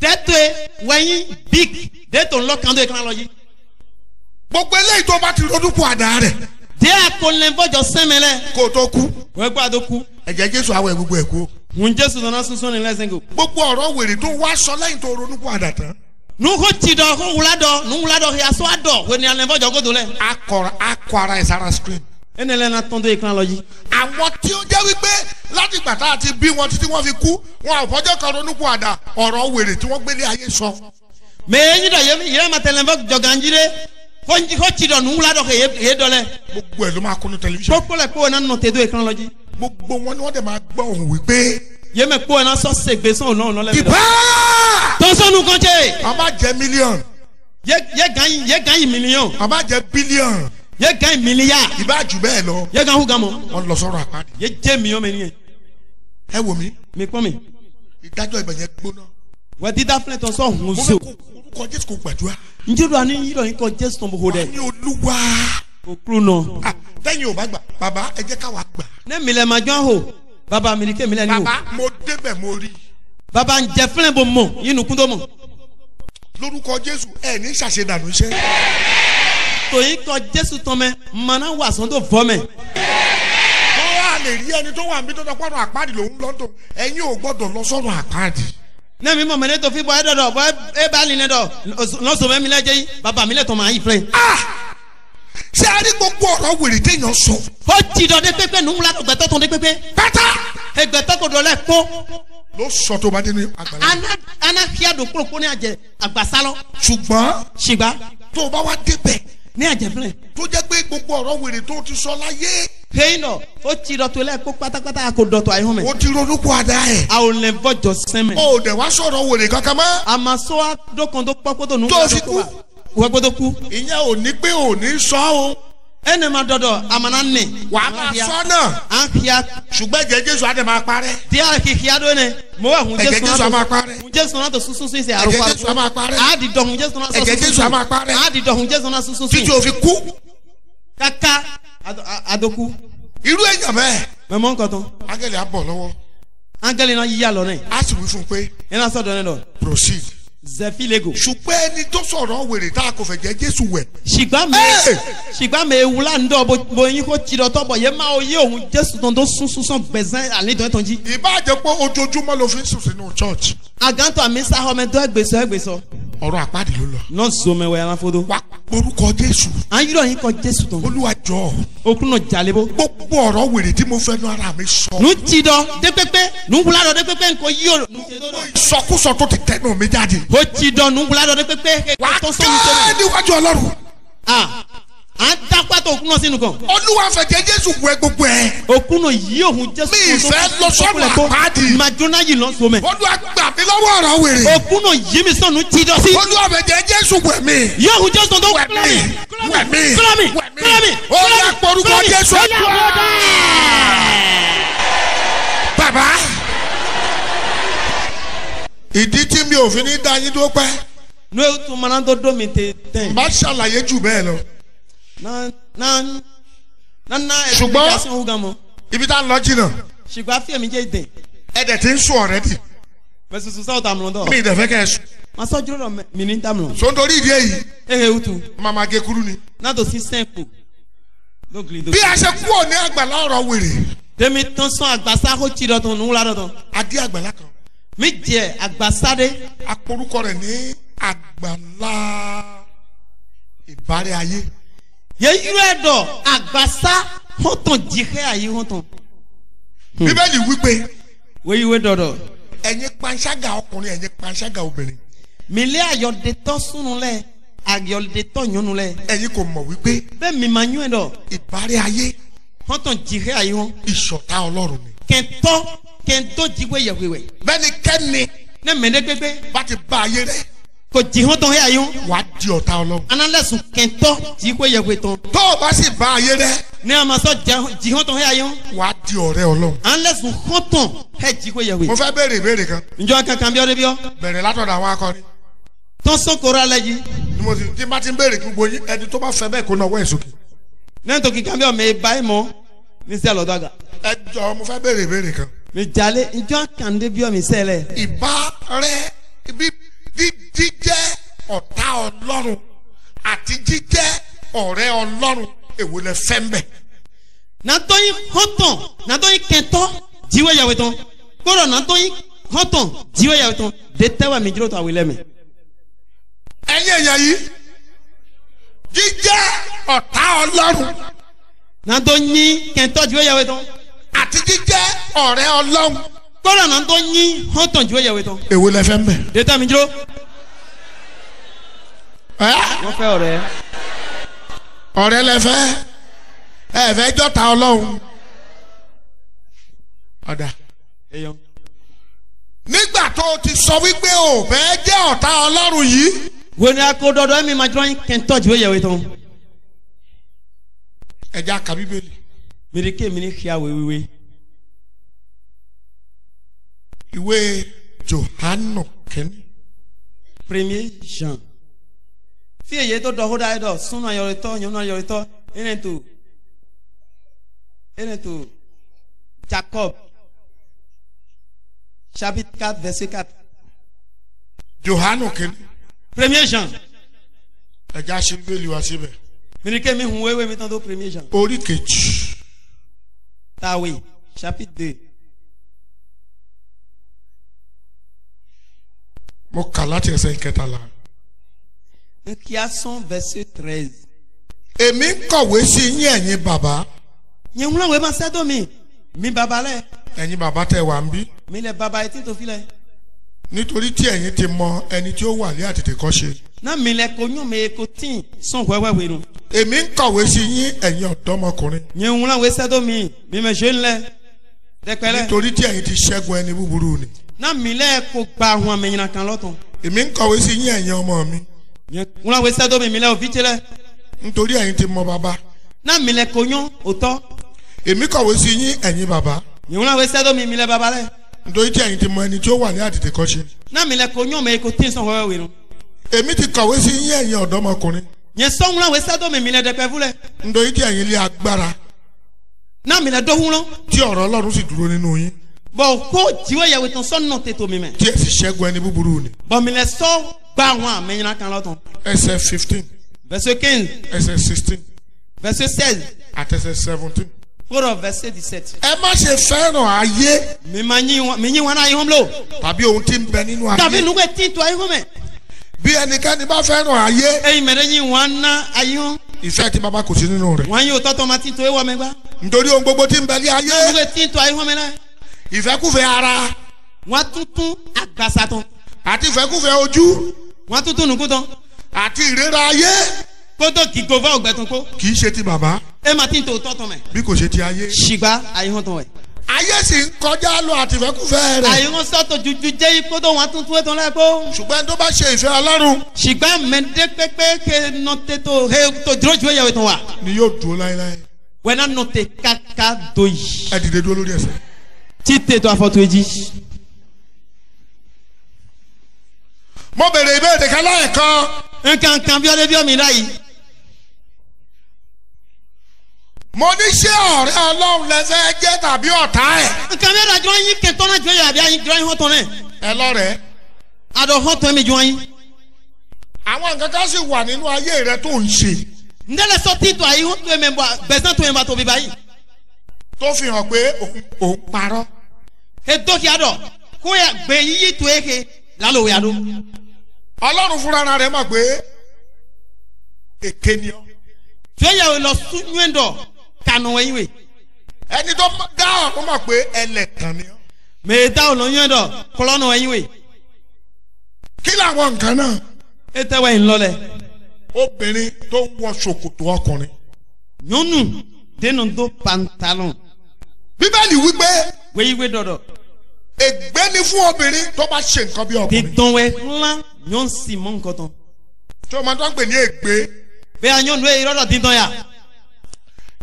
dẹ́tẹ̀ wẹ́yìn big dẹ́tò ńlọ́kàndó ìkànnà lọ yìí. gbogbo eléyìí tó bá ti ronú kú àdá rẹ̀. díẹ̀ kò lè bọ́jọ sẹ́mẹ̀lẹ̀. kó o tó kú. wọ́n gbọ́ àdó kú. ẹ̀jẹ̀ jésù awọ ẹ̀ gbogbo ẹ̀ kú. ń jésù nana sunsun ni lẹ́sìn kò. gbogbo ọ̀rọ̀ wèrè tó wá sọ lẹ́yìn tó ronú kú àdá tán. nuhu ti dɔ ko wula dɔ nuhu wula dɔ yaso adɔ wɛni alɛ bɔjɔ godo lɛ. akɔra akɔra ɛ sara screen ẹni ẹlẹ́ni atọ́ndó ìkan lọ yìí. àwọn tí ó jẹ́ wípé láti ìgbà tá a ti bí wọn títí wọ́n fi kú wọn ò fọjọ́ kan ronú kún àdá ọ̀rọ̀ wèrè tí wọ́n gbélé ayé sọ. mẹ ẹyin dọ yẹmi yẹrẹ ma tẹlẹ fọ jọganjire fọ tsi dọ nùwúlá dọ kẹ yé dọlẹ. gbogbo ẹ ló máa kunu tẹlifíṣàn. gbogbo ẹ kó ẹnà nọ tẹdó ìkan lọ yìí. gbogbo wọn ni wọn dẹ máa gbọ́ òun wípé. yẹmẹ kó ẹnà sọ sègbè sọ ọ̀nà ọ̀nà lẹ́mẹ̀ dọ. tọ́sọ́nù kọ́ńtẹ́. a máa jẹ mílíọ̀nù. yẹ gan yìí mílíọ̀nù. a máa jẹ bílíọ̀nù yẹ kan miliya. ìbá jù bẹ́ẹ̀ lọ. yẹ kan kú gan mọ. wọn lọ sọ̀rọ̀ àpáàdì. yẹ jẹ mi ọmọ ènìyàn. ẹ wò mí. mi pọ́n mi. ìdájọ́ ìbẹ̀yẹ gbóná. wà á di dáfilẹ̀ tọ́ sọ̀hún so. mo fẹ́ kó jésù kò gbàdúrà. njẹ́rù àní yíyọ yín kọ jésù tó ń bọ̀ dẹ. wọ́n ní olúwa. òkúrú nọ. tẹ́yìn ò bá gbà bàbá ẹ jẹ́ káwa gbà. ne mi lẹ ma jọ ho bàbá mi ni ké mi lẹ ni o. bàbá mo débẹ̀ mo rí. bàbá ń jẹ fúnlẹ̀ bò mọ̀ yín tòyí tọ jésù tọmẹ mana wà sọ́n tó fọ́mẹ. wọ́n wá lè rí ẹni tó wà níbi tó tọ́ pọ́nrọ́ àpáàdì lòún lọ́tò ẹ̀yin ò gbọ́dọ̀ lọ sọ́nà àpáàdì ne mi mọ mẹ ne tó fi bọ ẹ dọdọ bọ ẹ bá lin ne dọ lọsọ mẹ mi lẹ jẹ yìí bàbá mi lẹ tọ mọ ayi filẹ. ṣé a rí gbogbo ọ̀rọ̀ wèrè téèyàn sọ. ó ti dọ̀ de pépé nùmú la gbẹ̀tọ̀ tó de pépé. pátá. ẹ gbẹ̀tọ̀ kò dọ̀ lẹ kó. ló sọ tó bá dé ní àgbàlá. ana ana kíá dòkúrò kó ní àjẹ àgbàsálọ. ṣùgbọ́n. ṣùgbọ́n. tó o bá wá débẹ̀ ní àjẹbílẹ̀. tó jẹ́ pé gbogbo ọ̀rọ̀ wèrè tó ti sọ láyé. fẹ́yìn nọ ó ti dọ̀tò lẹ́ẹ̀kọ́ pátápátá a kò dọ̀tò àyè hàn mẹ́. o ti ronú kó a da yẹ. a ò lè bọ́ jọ sẹ́mẹ̀. o ò dẹ̀ wá sọ̀rọ̀ wèrè kankan mọ́. àmọ́ sọ́wọ́ dọ́kan tó pọ́ nù. tó o fi kú. wọ́n gbọ́dọ̀ kú. ìyẹn ò ní pé ò ní sọ ọ́ ẹnì ma dọdọ amana nì. wà á máa sọ náà. à ń kíá. ṣùgbọ́n ẹ̀jẹ̀ jésù á dẹ̀ máa parẹ́. tí a kì kíá dó ni. mo wà hun jésù náà tó hun jésù náà tó sunsun sí àrùkọ. ẹ̀jẹ̀ jésù á máa parẹ́. a di dọ̀ jésù náà sunsun sí. ẹ̀jẹ̀ jésù á máa parẹ́. a di dọ̀ jésù náà sunsun sí. títí o fi kú. kaka adoku. irú ẹ̀yàn bẹ́ẹ̀. mẹ mọ nǹkan tán. angele abọ lọ́wọ́. angele náà yíyá lọ náà. a sì wí fún un pé zẹfilego. ṣùgbọ́n ẹni tó sọ̀rọ̀ wèrè tá a kò fẹ́ jẹ́ jésù wẹ̀. ṣùgbọ́n mi ṣùgbọ́n mi wula ń dọ̀ bo yín kó tsi dọ̀ tọ́bọ̀ yẹ máa yé òun jésù tó ń tó sún sísan gbẹ̀sán àlẹ́ tó ń tó ń jí. ìbáàjẹ́ pé ojoojúmọ́ ló fi ń sùn sínú church. àgàntàn mi sáhọ́ mẹ́tọ́ ẹgbẹ̀sọ ẹgbẹ̀sọ. ọ̀rọ̀ àpáàdé ló lọ. nọ́ọ̀sì omi wẹ̀ aláfodó. wàá orúkọ jésù. à ń yírọ̀ yín kọ jésù tán. olúwa jọ. okun náà jalebo. gbogbo ọ̀rọ̀ wèrè tí mo fẹ́ nu ara mi sọ. nù ti dọ dé pépé nù wula dọ dé pépé nkọ yí o. sọkúsọ tó ti tẹnu mi jáde. o ti dọ nù wula dọ dé wà á kẹ́ ẹ́ níwájú ọlọ́run à ń dá pátá òkun náà sínú kan. olúwa fẹ̀jẹ̀ jésù wẹ gbogbo ẹ̀. òkun náà yí òun jésù. mi ìfẹ́ lọ sọ́nù àpáàdì. ma jóná yìí lọ sọmẹ. olúwa gbà mí lọ́wọ́ ọ̀rọ̀ wèrè. òkun náà yí mi sọnù tí dọ sí. olúwa fẹ̀jẹ̀ jésù wẹ̀ mí. yí òun jésù tó wẹ̀ mí. wẹ̀ mí. fúlọ́mì fúlọ́mì. ó yà pọ̀rùkọ jésù. bàbá ìdí tí mi ò fi ní dá yín dó pẹ́. n'o tún mana tó dó mi tẹ tẹ. má ṣàlàyé jù bẹ́ẹ̀ lọ ṣùgbọ́n ibi tá a lọ jìnnà. ṣùgbọ́n afi èmi jẹ́ ìdè. ẹ̀dẹ̀ ti ń sùn ọ̀rẹ́dì. mẹsùn sùn sáwọ́ tàmùlọ́ dọ̀. mi ìdẹ̀fẹ́ kẹ́ ẹ sùn. màá sọ jùlọ mi ní tàmùlọ́. so nítorí ìdí èyí. ehe utu. màmá gé kúrú ni. nàdó sí sẹ́ǹpù. bí a ṣe kú òní àgbàlá ọ̀rọ̀ wèrè. tèmi tán sún àgbàsá kó tsi dọ̀tún nùwúlá dọ̀tún. adé àgbàlá kan. mi jẹ àgbàsáde. aporúkọ rẹ ní àgbàlá ìbárẹ ayé yeyurẹ dọ agbasa wọn tàn jihẹ ayé wọn tàn. Hmm. bíbélì wípé. wéyíwé dọdọ. ẹ̀yin panṣágà ọkùnrin ẹ̀yin panṣágà obìnrin. mílẹ̀ ayọ̀dẹ̀tọ̀ súnulẹ̀ ayọ̀dẹ̀tọ̀ yọnulẹ̀. ẹ̀yin kò mọ̀ wípé. bẹ́ẹ̀ mi máa yún ẹ dọ̀. ìbárẹ̀ ayé. wọn tàn jihẹ ayé wọn. ìṣọ̀tá ọlọ́run ni. kẹ́ńtọ́ kẹ́ńtọ́ jíwé yẹ̀wẹ̀wẹ̀. bẹ́ẹ̀ni kẹ́ni. ne mẹ́lẹ́gbẹ́gbẹ́. bá ti bá ayé rẹ̀ kò jìhún tó ń yà yún. wà á di ọ̀tá ọlọ́run. analẹ́sùn kẹntọ́ tí kò yẹ pé tán. tó o bá sì bá ayé rẹ. ní a máa sọ jìhún tó ń yà yún. wà á di ọ̀rẹ́ ọlọ́run. analẹ́sùn kọ́tàn ẹ̀ tí kò yẹ pé. mo fẹ́ béèrè ìbéèrè kan. njọ́ kankan bí ọdún bí ọ. bẹ̀rẹ̀ látọ̀dọ̀ àwọn akọni. tó sókòrò alẹ́ yìí. ni mo ti ti bá ti ń béèrè kí gbogbo ẹni tó bá fẹ́ bẹ́ẹ̀ kó náwó ẹ̀ sókè. nẹ́ẹ̀tọ́ kíkan ìbá rẹ ibi jíjẹ́ ọ̀tá ọlọ́run àti jíjẹ́ ọ̀rẹ́ ọlọ́run èwo lẹ fẹ́ mbẹ. nàtọ́yìn họ́tàn nàtọ́yìn kẹtọ́ jíwé yàwé tán kóró nàtọ́yìn họ́tàn jíwé yàwé tán dé tẹ́wà mi jíròtò àwìn lẹ́mẹ̀. ẹ̀yin èèyàn yìí jíjẹ́ ọ̀tá ọlọ́run. nàtọ́yìn kẹtọ́ jíwé yàwé tán. àti jíjẹ́ ọ̀rẹ́ ọlọ́run. kóró nàtọ́yìn họ́tàn jíwé yàwé tán. èwo lẹ fẹ́ mbẹ. dé tẹ́wà mi jíròtò wọ́n fẹ́ ọ̀rẹ́. ọ̀rẹ́ lẹ fẹ́ ẹ fẹ́ jọ́ta ọlọ́run ọ̀dà. nígbà tó o ti sọ wípé o fẹ́ jẹ́ ọ̀tá ọlọ́run yìí. wo ni a kó dọdọ mi máa jọyìn kẹntọ́ ju eyẹ̀wé tán. ẹ jẹ́ àkàbí bẹ́ẹ̀lì. mèrèké mi ní kí a wéwéwé. ìwé johannu kẹ́ni. premier jean fie ye to dɔho da ye dɔ sunu ayɔri tɔ nyɔnu ayɔri tɔ ene to ene to jacob chapitre quatre verset quatre. johanu kini. premier jean. ẹja ṣe ń bẹ́ẹ̀lì wá síbẹ̀. mìrìkẹ́ mi hun wéwé mi tán tó premier jean. orí kejì. tawe chapitre deux. mo kà láti ẹsẹ̀ kẹtàlá. Ekiason verset treize. Èmi ń kọ̀wé sí yín ẹ̀yin bàbá. Yẹn máa ṣẹ́dọ̀ mi. Mi bàbá lẹ̀. Ẹ̀yin bàbá tẹ wà ń bí. Mi lẹ bàbá etí tó fi lẹ. Nítorí tí ẹ̀yin ti mọ ẹni tí ó wà ní àtètèkọ́ṣe. Náà mi lẹ konyún mi kò tí ì sùn wẹ́wẹ́ wẹ̀rù. Èmi ń kọ̀wé sí yín ẹ̀yin ọ̀dọ́mọkùnrin. Yẹn ṣẹ́dọ̀ mi. Mi mẹ̀ ṣe ń lẹ. Dẹ́pẹ́lẹ́. Nítorí tí ẹ̀yin ti ṣẹ́gun ẹni mi lẹ kó gba àwọn àmì ìyìnà kan lọ́tọ̀. mi ŋlɔ wo sɛ do mi mi lɛ o fi tse lɛ. nítorí ẹ̀yin ti mọ bàbá. náà mi lẹ konyɔ òtɔ. èmi kọ̀wé sí yín ẹ̀yin bàbá. ŋlɔ wo sɛ do mi mi lɛ bàbá lɛ. nítorí tí ẹ̀yin ti mọ ẹni tí ó wà ní àtètè kọ́ṣe. náà mi lẹ konyɔ mẹ kò tí ń sọ wẹ́wẹ́ wẹ̀ nù. èmi ti kọ̀wé sí yín ẹ̀yin ọ̀dọ́mọkùnrin. yẹn sọ ŋlɔ wo sɛ mi mi lɛ dẹpẹ́fú lɛ. nítorí tí ẹ̀yin lé agbára. náà mi lẹ dóhun lọ. ko jiwe yawetɔn sɔnnɔ tètò mi mɛ. tí ẹ sì ṣẹ́gun ẹni búburú ni. bɔn mi lẹ sɔ gba àwọn àmì yẹn kan lọ́tàn. ẹsẹ̀ fifteen. verset quinze. ẹsẹ̀ sixteen. verset seize. àtẹ̀sẹ̀ seventeen. kóró verset dix-sept. ẹ má ṣe fẹ́ràn ayé. mi ma yín wọn mi yín wọn náà yín wọn lò. tàbí ohun tí ń bẹ nínú ayé. tàbí nùgbẹ́ tí tu ayé wọn mẹ́. bí ẹnikẹ́ni bá fẹ́ràn ayé. ẹyin mẹ́rẹ́ yín wọn ná ayé wọn. ìfẹ́ ti bàbá kò sí nínú rẹ̀. wọ́n yóò tọ́tọ́ ma ti to ewọ́ mẹ́gbá. nítorí ohun gbogbo tí ń bẹ ní ayé. nùgbẹ́ tí tu ayé wọn mẹ́ wọ́n tún tún nùkú tán. àti ìrera ayé. kótó kì í gova ọ̀gbẹ̀tún kó. kì í ṣe ti bàbá. ẹ máa ti ń tòótọ́ mẹ́. bí kò ṣe ti ayé. ṣìgbà àyíhàn tán ẹ̀. ayé sì ń kọjá lọ àtìfẹ́kùfẹ́ rẹ̀. àyíhàn sọ́tò jújú jẹ́ ipò tó wọ́n tún tún ètò rẹ̀ kó. ṣùgbọ́n tó bá ṣe ìfẹ́ alárùn. ṣìgbà mẹ́ndé pépé ké nọ́tẹ́ tó he tó dúró ju ẹ̀yàwó tó wà. ni yóò dúró láéláé. wẹ́n náà nọ́tẹ́ káká doyì. ẹ dìde mo bèrè ìbéèrè kan láìkan. nǹkan kan bí ọdẹ bí omi láyìí. mo ní ṣé ọ̀rẹ́ ọlọ́run lẹ́sẹ̀ jẹ́ tàbí ọ̀tá ẹ̀. nǹkan bí ọ̀dà jọ yín kẹ́ tọ́nà jọ yàrá yín jọ yín hàn tán náà. ẹ lọ́rẹ̀ẹ́. àdó hàn tán mi jọ yín. àwọn nǹkan kan sì wà nínú ayé rẹ tó ń ṣe. ndẹ́lẹ̀ sọ títù àyè hàn tó ẹ̀mẹ̀ bẹ̀sán tó ẹ̀mẹ̀ tóbi báyìí. tó fi hàn pé òun parọ́. ètò kí a dọ̀ kó yà gbẹ̀yìn yìí tó eke lálọ́ ọlọ́run fúnra rẹ̀ mọ̀ pé èké ni ọ. tí ó yà wò lọ sún yẹn dọ̀ kànú wẹ̀yìn wẹ̀. ẹni tó dá ọ̀run mọ̀ pé ẹlẹ́tàn ni ọ. mèé dá ọ̀nà yẹn kọlọ́nù wẹ̀yìn wẹ̀. kí làwọn nǹkan náà. e tẹ́wọ́ yìí ń lọlẹ̀. obìnrin tó ń wọ ṣòkòtò ọkùnrin. nyɔnu dénú tó pantalon. bíbélì wípé. wéyíwé dọ̀dọ̀ ègbé ni fún obìnrin tó bá ṣe nǹkan bí ọkùnrin. dídán wẹ ńlá yóò ń sì mọ nǹkan tán. tí o máa tán pè ní ègbé. bẹ́ẹ̀ ni yóò lo ìrọ́lọ̀ dídán yà.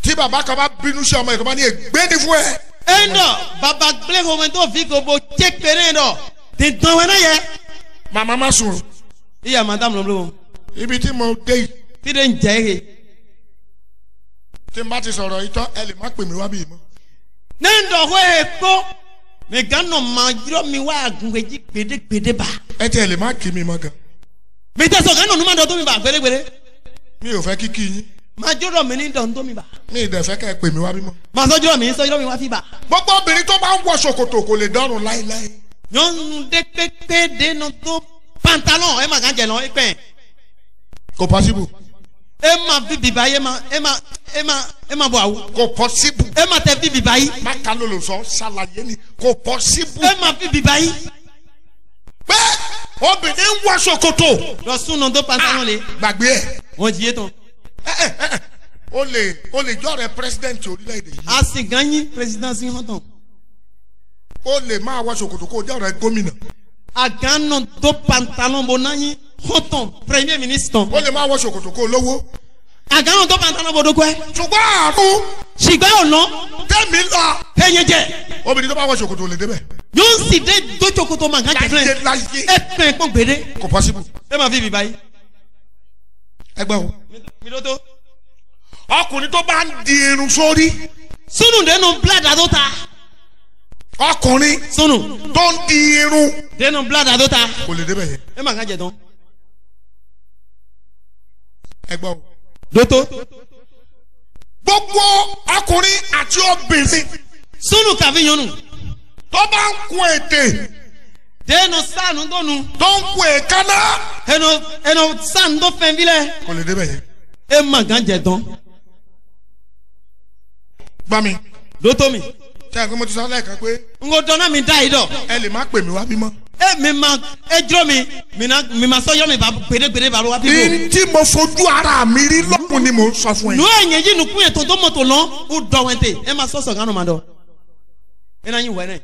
tí bàbá kan bá bínú sí ọmọ ìkọ́ bá ní ègbé ni fún ẹ. ẹ ń dọ̀ bàbá gbé omi tó fi gbogbo jẹ́ péré dọ̀ dídán wẹ náà yẹ. màmá má sùn. ìyá màá dàmú lọ́wọ́. ibi tí mo dé yìí. tí de ń jẹ́ he. tí n bá ti sọ̀rọ̀ ìtọ́ ẹ lè má pè mí wá bí ì mɛ gánà ma yɔrɔ mi wá agunwéji gbèdégbèdé bá. ẹ tẹ lè má kí mi mọ gan. mi tẹ sọ gánà numadɔ tó mi bá gbélégbélé. mi ò fẹ́ kíkí yín. máa jọrọ mi ní dọ̀n tó mi bá. mi ì dẹ̀fẹ́ ká ẹ pè mí wá bímọ. máa sọ mi sọ jọrọ mi wá fi bá. gbogbo obìnrin tó bá ń wọ ṣòkòtò kò lè dọrùn láéláé. nyɔnu ɖe pépé dénú tó pantalon ẹ má gán jẹ lọ ẹ pẹ́. kò Ema ma bibi ba ye ma ema ma e ma e ma bɔ awo. kò pɔsibu. e ma tɛ bibi ba ye. má kalo lò sɔ ṣàlàyé ni kò pɔsibu. e ma bibi ba ye. pé obìnrin ń wọ sokoto. lọ sún nà tó pantalon ah, le. gbàgbé ẹ. wọn jí yé tán. ẹ ẹ ẹ o lè o lè jọ rẹ pírẹsidẹnti orílẹ̀-èdè yìí. a sì gan yín pírẹsidẹ́nsì hàn tán. o lè máa wọ sokoto kó o jẹ́ gómìnà. a gan nà tó pantalon bò náà yín hotton premier minister. ó lè máa wọ ṣòkòtò kó lówó. àgàràn tó bá ń tanná bodò kọ́ ẹ. ṣùgbọ́n àrùn. ṣìgbẹ́ ò lọ. tẹ́mi lọ. ẹyẹ jẹ. obìnrin tó bá wọ ṣòkòtò lè débẹ̀. yóò sì dé tó ṣòkòtò mà nǹkan jẹfẹ. ẹ pẹ́ pọ́n gbèrè. kò pọ́sibú. ẹ máa fi bìbá yìí. ẹ gbọ́ o. mi ló tó. ọkùnrin tó bá ń di irun sórí. sunu dẹnu blada tó ta ọkùnrin. sunu. tó ń di irun. dẹnu blada tó ta. kò lè débẹ̀ yẹn. ẹ máa ká jẹ ẹgbọ́. dótó. gbogbo ọkùnrin àti obìnrin. sunu kàfi yanu. tó bá ń kun ètè. dénú sànù tónu. tó ń kun èkánná. ẹnu ẹnu sànù tó fẹ́ bílẹ̀. kò lè débẹ̀ yẹn. e man kan jẹ tán. gbà mí. dótó mi. tí a gbé mo ti sọ ọ́ lẹ́ẹ̀kan pé. n ko dọ́nà mi dá yìí dọ̀. ẹ lè má pè mí wá bímọ e mi ma e jọ mi mina mi ma sọ yọ mi ba gbedegbede ba wa pipo. ní tí mo fojú ara mi rí lọ́kùn ni mo ń sọ fún ẹ. nù ẹ̀yẹ̀ yìí nìkú yẹn tó tó mọ̀tò lọ ó dọ̀ wẹ́n tè ẹ ma sọ sọ̀gán nù ma dọ̀ ẹ náà yín wẹ̀ náà.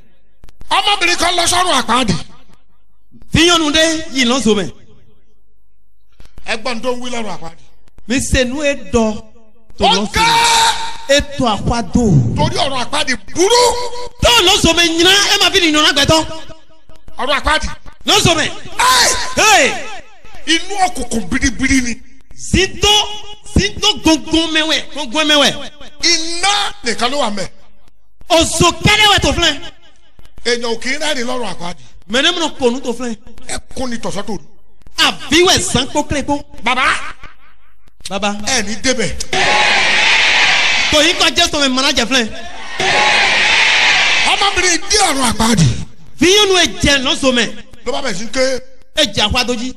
ọmọbìnrin kan lọ sọ́run àpáàdì. fíyànnù dé yìí lọ sọ mẹ. ẹgbọn tó ń wí lọ́rùn àpáàdì. mi se nu e dọ tó lọ sọ e àpá dò. torí ọ̀rọ̀ àpáàdì burú. tó lọ sọ mẹ ẹ ma fi nìyọ̀nà gbẹtọ ọdún àpáàdì. lọ́sọ̀mẹ̀. inú ọkùnkùn biribiri ni. zito zito gbogbo mẹwẹ gbogbo mẹwẹ. iná nìkan ló wà mẹ. ọ̀sọ̀ kẹ́lẹ́wẹ̀ tó filẹ̀. èèyàn ò kì í rẹ́rìn lọ́rùn àpáàdì. mẹ̀nẹ́mìnà pọ̀nù tó filẹ̀. ẹkún ni tọ̀sọ́ tó. àbíwẹ̀ sanko kílẹ̀kó. baba. baba. ẹ ní débẹ̀. tòyìn kan jẹ́ sọ̀rọ̀ ìmọ̀ràn jẹ filẹ̀. ọmọbìnrin dí ọ̀run àpáàdì fiyinu ẹjẹ e lọsọmẹ. ló bá bẹ̀ sí ké. ẹjẹ àkó àtọ́jí.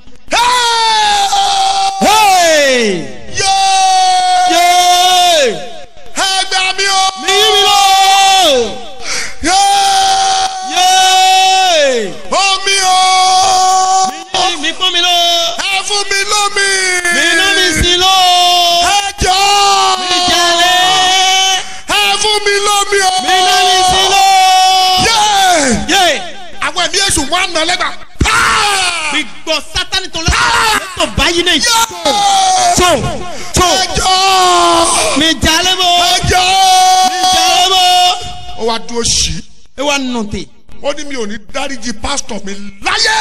yéé. yéé. ẹgbẹ́ mi o. mi yí mi lọ. ẹ̀mí èṣù wọn nà lẹ́gbà. gbígbọ́ sátani tó lọ́wọ́ lọ́tọ̀ báyìí náà. tó tó mi jalè mọ́ mi jalè mọ́. ó wá dúró sí. ẹ wá nù tè. ó ní mi ò ní dáríji pásítọ̀ mi láyé.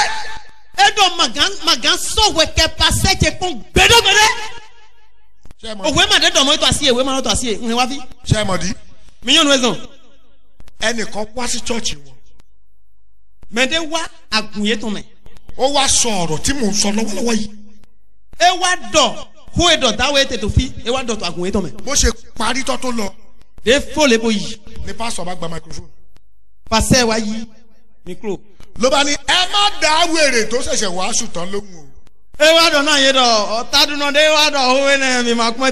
ẹ dọ̀ màgán màgán sọ̀wé kẹ́ pàṣẹ jẹ fún gbẹdọgbẹdẹ. òwe màdé dọ̀mọ́ ètò àṣìyẹ òwe màdé ètò àṣìyẹ ń wá fi. sẹ́mọ̀dí. mi yàn nù ẹ̀ zàn. ẹnìkan wá sí chọ́ọ̀chì wọn mẹ̀ndé wá àgùnyé tó mẹ́. ó wá sọ ọ̀rọ̀ tí mò ń sọ lọ́wọ́lọ́wọ́ yìí. ẹ wá dọ̀ kó e dọ̀ táwọn ètò tó fi ẹ wá dọ̀ tó àgùnyé tó mẹ́. bó ṣe parí tọ́ tó lọ. de fó lebo yìí. ni pásítọ̀ bá gba microphone. pàṣẹ wa yí micro. ló bá ní ẹ má dá wèrè tó ṣẹ̀ṣẹ̀ wàásù tán lóhùn o. ẹ wá dọ̀ náà yé dọ̀ ọ̀tá dúná dé wá dọ̀ òwe náà mi máa kún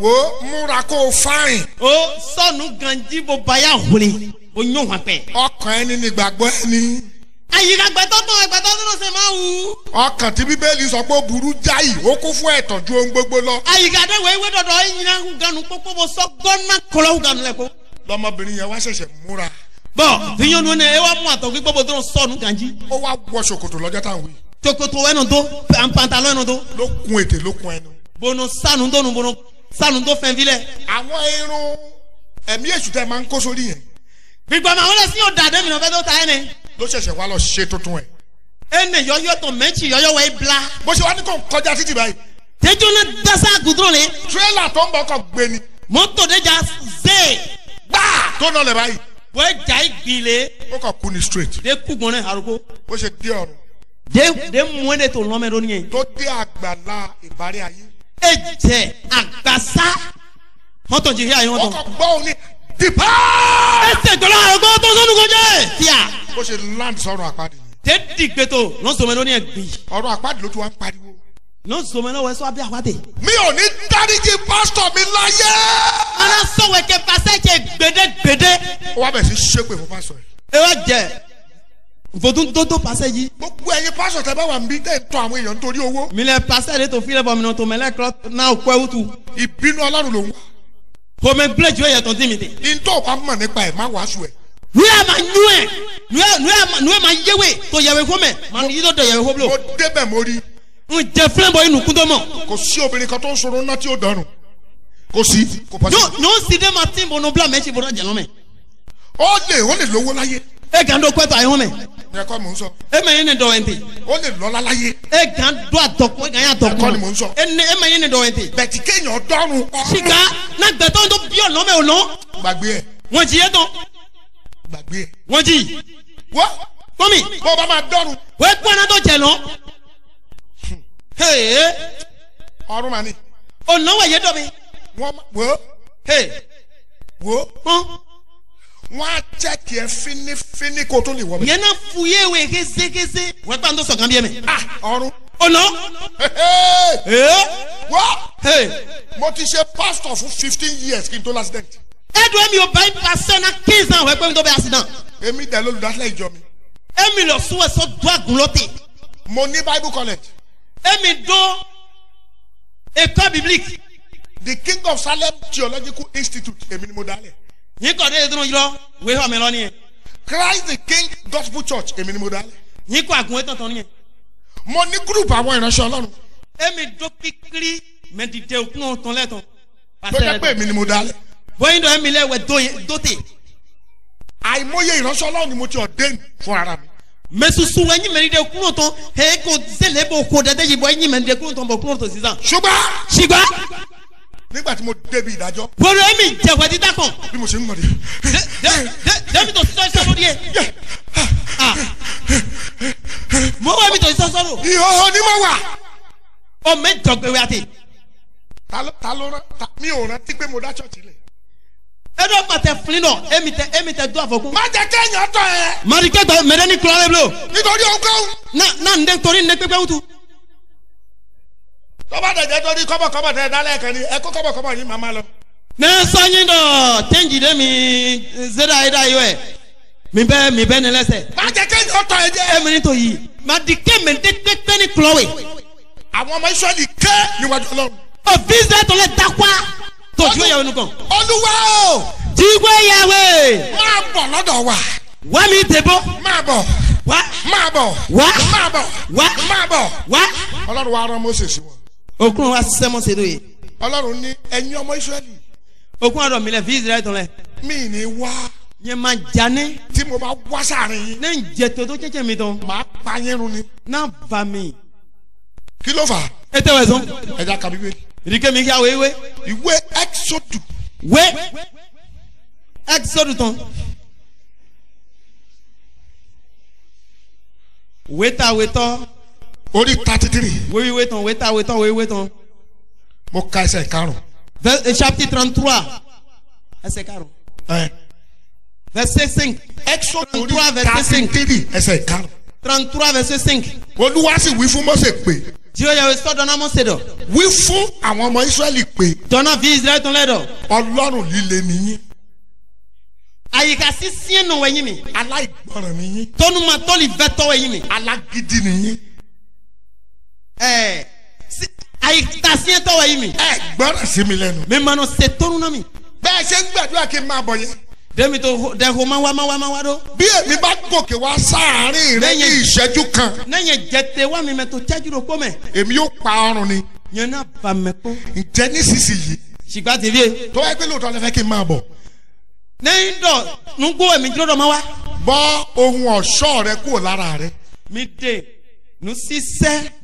wo múra kó o fáyìn. o sọnù ganji bó bayá hùn o yóò hàn pẹ. ọkàn ẹni ni gbàgbọ́ ẹni. àyíká gbẹtọ́tọ̀ ẹgbẹtọ́tọ̀ ṣe máa wù. ọkàn tí bíbélì sọ pé burú jáì ó kún fún ẹ̀tàn ju ohun gbogbo lọ. àyíká dẹ́wọ̀ ewé dọ̀dọ̀ ìyìnà ganu pópó mo sọ gánà kọlọ́ ganu lẹ́kọ̀ọ́. lọmọbìnrin yẹn wá ṣẹ̀ṣẹ̀ múra. bọ́ọ̀ fi yín nu ni ẹ wá mú àtọ̀gbẹ́ gbọ́bọ̀ tó sọnù ganji. ó wá wọ ṣòkòtò lọ́jọ́ táwọn wí tsokoto ẹnu tó pantalon ẹnu sanu tó fẹ́ẹ́ filẹ̀. àwọn irun ẹ̀mí èṣù tẹ máa ń kó sórí yẹn. gbígbọ́n àwọn ọlọ́sí yóò dà dẹ́mi náà fẹ́ tó ta ẹni. ló ṣẹ̀ṣẹ̀ wá lọ ṣe tuntun ẹ̀. ẹnì yọyọ tó mẹ́tì yọyọ wẹ̀ bla. bó ṣe wá ní kò ń kọjá títì báyìí. tẹjú ní dasa gudurun ni. tírélà tó ń bọ̀ ọkọ̀ gbé ni. mọ́tò déjà zè. gbà tó nọ lẹ̀ báyìí. wọ́n jà ìgbìlẹ̀. ó kàn kú ni straight. dé kúgbọ́n náà àrùkó. bó ṣe dé ọ̀run. dé dé mú ẹ́ de tó lọ́mẹ́rọ́ nìyẹn. tó dé àgbàlá ìbárí ayé ẹ̀jẹ̀ àgbàsá wọ́n tọ̀ jìhìá yìí wọ́n tọ̀. ọkọ̀ gbọ́ òní dìpá. ẹsẹ̀ ìjọba àgọ́ tó sọ́nù kò jẹ́. tíà. bó ṣe land sọ̀rọ̀ àpáàdì. tẹ́tí gbẹ̀tò lọ́sọ̀mọ́ ló ní ẹ̀gbìn. ọ̀rọ̀ àpáàdì ló ti wá ń pariwo. lọ́sọ̀mọ́ náà wọ́n sọ abẹ́ àpáàdì. mi ò ní dáríji pásítọ̀ mi láyé. ara sọ̀wẹ̀kẹ̀ pàṣẹ Vodun dodo pase yi. Gbogbo ẹyin pásọ̀ tẹ bá wà níbí tẹ̀ tọ́ àwọn èèyàn nítorí owó. Mílẹ̀ pásẹ̀ de tó filẹ̀ bọ̀ mìíràn tó mẹ́lẹ̀ kọ́ náà kọ́ ẹ̀wù tu. Ìbínú ọlọ́run lòun. Kòmẹ̀ gbilẹ̀ ju ẹ̀yẹ̀tọ̀ dì mí dé. Ìtọ́ wa mọ̀ nípa ẹ̀ má wàásù ẹ̀. Nuyà ma nu ẹ̀ nuyà ma yéwe tó yẹ̀wé fún mẹ̀ mà ní yíyó tó yẹ̀wé fún mi. Mo débẹ̀ mo rí. N jẹ fúlẹ̀ bọ̀ inú kúndó mọ̀. Kò sí obìnrin kan tó ń sọ̀rọ̀ ná tí ó dànù. Kò sí. Yóò sì dé ma tí mo nu bla mẹ́sì bọ́dọ̀ jẹ̀ lọ́mẹ̀. Ó lè ó lè lówó láyé. E gàdó kwetu àyẹ̀wò mẹ́ ẹ̀kọ́ mò ń sọ. e ma ye ne dɔ yen ten. o le lɔla la ye. e gan do a tɔ kun e gan y'a tɔ kun. ɛkɔ ni mò ń sɔ. e ne e ma ye ne dɔ yen ten. bɛti kéèyàn dɔrùn. sika n'a gbɛtɔ tó bí ɔlɔ mɛ o lɔ. gbàgbé yɛ. wọn ti yé tán. gbàgbé yɛ. wọn ti. wɔ. kɔmi. bɔn o b'a o ye kpɔnna tó jɛ lɔ. hee. ɔrùn ma ni. o nɔ wa ye dɔ bi. wọ́n wo. hee. wo. hɔn wọ́n á chẹ́kì ẹ fínífíní kó tó lè wọ́ bẹ̀. yẹn náà fu yé wẹ̀ kézékézé. wọ́n gbà ń tó sọ̀kan bí ẹ mẹ́. ah ọrùn. ọ̀nà. wọ́n mo ti ṣe pastor fún fifteen years kí n tó l'accident. ẹ̀dùn mi ò bá ìpàṣẹ náà kéèzì náà wọ́n pẹ́ mi tó bẹ́ accident. èmi dẹ̀ lólùdásílẹ̀ ìjọ mi. èmi lọ sún ẹ̀sọ́ dún àgùnlọ́tẹ̀. mo ní bible college. èmi dún ẹ̀kọ́ biblique. the king of salem theological institute èmi ni mo dálẹ̀ yín kọ́ dé dúró yìí lọ wé fún mi lọ nìyẹn. Christ the King Gospel Church èmi ni mo dá. yín kọ́ àgùn ẹ̀tàn tán nìyẹn. mo ní gúrùpù àwọn ìránṣẹ́ Ọlọ́run. èmi dó kíkiri mẹ́tìtẹ́ òkun ọ̀tàn lẹ́tàn. lọ́jọ́ pé èmi ni mo dá. bóyin dọ̀ èmi lẹ́wẹ̀ dóte. àìmọye ìránṣẹ́ Ọlọ́run ni mo ti ọ̀dẹ́n fún ara mi. mẹ́susu ẹ̀yìn mẹ́tìtẹ́ òkun ọ̀tàn ẹ̀ẹ́kọ̀ zẹ́lẹ̀ bọ̀ kọ̀ dẹ́dẹ́ yìí bọ̀ ẹ̀yìn mẹ́tìtẹ́ òkun ọ̀tàn bọ̀ òkun ọ̀tàn sísan. ṣùgbọ́n. ṣùgbọ́n nígbà tí mo débi ìdájọ́. wọ́rọ̀ ẹ̀mí jẹ̀wẹ̀ dídá kan. bí mo ṣe ń gbọ̀dẹ̀. dẹ́mi tó sọ ìṣòro díẹ̀. mo wá mi tó sọ ìhòòhò ni mo wà. ọmọ ẹ̀ jọ̀gbẹ̀wẹ̀ àti. ta ló rán mi ò rántí pé mo dá ṣọ́ọ̀ṣì lẹ̀ ẹnu ọgbà tẹ filin nọ emi tẹ emi tẹ dún àfọkù. má jẹ kéèyàn tọ ẹ. marikẹtọ mẹdẹni kura lẹ bilen o. nítorí ogun. na na nden torí nden pẹpẹ wutu tọ́ba dẹ̀jẹ̀ tó ní kọ́bọ̀kọ́bọ̀ tẹ̀ dálẹ̀ kan ní ẹ̀kọ́ kọ́bọ̀kọ́bọ̀ ní màmá lọ. ne sɔnyi dɔ mi zera yi da yi mi bɛ mi bɛ ne lɛsɛ. bàjẹ́ kí o tọ̀ ẹ jẹ́. ẹmi ni tó yìí. màdìkẹ́ mẹ́tẹ́tẹ́tẹ́ ni kulọ́wé. àwọn ọmọ israẹli kẹ́ níwájú ọlọ́run. ọ̀ fíìsì tó lè dákwá. tòjú ìyàwó nìkan. olúwa o. jígbó ìyàwó. máa bọ̀ lọ́dọ̀ wa. wá mi tè bọ́. máa bọ̀. wá. máa bọ̀. wá. máa bọ̀. wá. máa bọ̀. wá. ọlọ́run wa rán moses wọn okun wa sisẹ mọ sedo ye. ọlọ́run ní ẹ̀yin ọmọ israẹli. okun ọ̀dọ̀ mi lẹ fi israẹli tán lẹ. mi ni wa yẹn máa ja ní. tí mo bá wá sáàrin yín. ne ń jẹ tó tó jẹjẹ mi tán. màá pa yín run ni. n'a ba mi. kí ló fà á. e tẹ wẹ sọn. ẹ jà kàbí wé. ìdíkẹ́ mi kí a wé wé. ìwé exodu. wé exodu tán. wétawétọ́ orí thirty three. wíwí wétan wétan wétan wíwí wétan. mo ka ẹsẹ̀ karùn. verse eh, chapter thirty three ẹsẹ̀ karùn. verse six. Exodus orí thirty three ẹsẹ̀ karùn. thirty three verse six. olúwa sì wí fún Mósè pé. Jíó yàrá sọ dọ́nà Mósè dọ̀. Wí fún àwọn ọmọ Ísírẹ́lì pé. Dọ́nà fi Ísírẹ́lì tán lẹ́dọ̀. Ọlọ́run líle ni yín. Àyíká sísí ẹ̀nà wẹ̀yìn mi. Aláìgbọràn ni yín. Tónú ma tó lè fẹ́ tọ́ wẹ̀yìn mi. Alágídí ni yín ẹ ayi tasiɲɛ tɔwɔ yi mi. ẹ gbọ́dọ̀ sí mi lẹ́nu. mi ma nọ se tónú náà mi. bẹ́ẹ̀ ṣe ń gbàdúrà kí n máa bọ̀ yẹn. dẹ́mi tó dẹ́ko ma wá ma wá ma wá dó. bí èmi bá gòkè wá sáàárín rẹ ní ìṣẹ́jú kan. ne yẹn jẹte wá mi mẹ tó jẹ́jú ló kó mẹ. èmi yóò pa ọrùn ni. yẹn náà bà mẹ kó. ǹjẹ́ ní sisi yìí. sìgbà tí bíye. tó wáyé pé lóòótọ́ lẹ fẹ́ kí n máa bọ̀. ne ń dọ̀ nugbó èmi dúró dọ̀ ma wá. bọ́ ohun ọ̀ṣọ́ rẹ kúrò lára rẹ. mi dé nu sísẹ́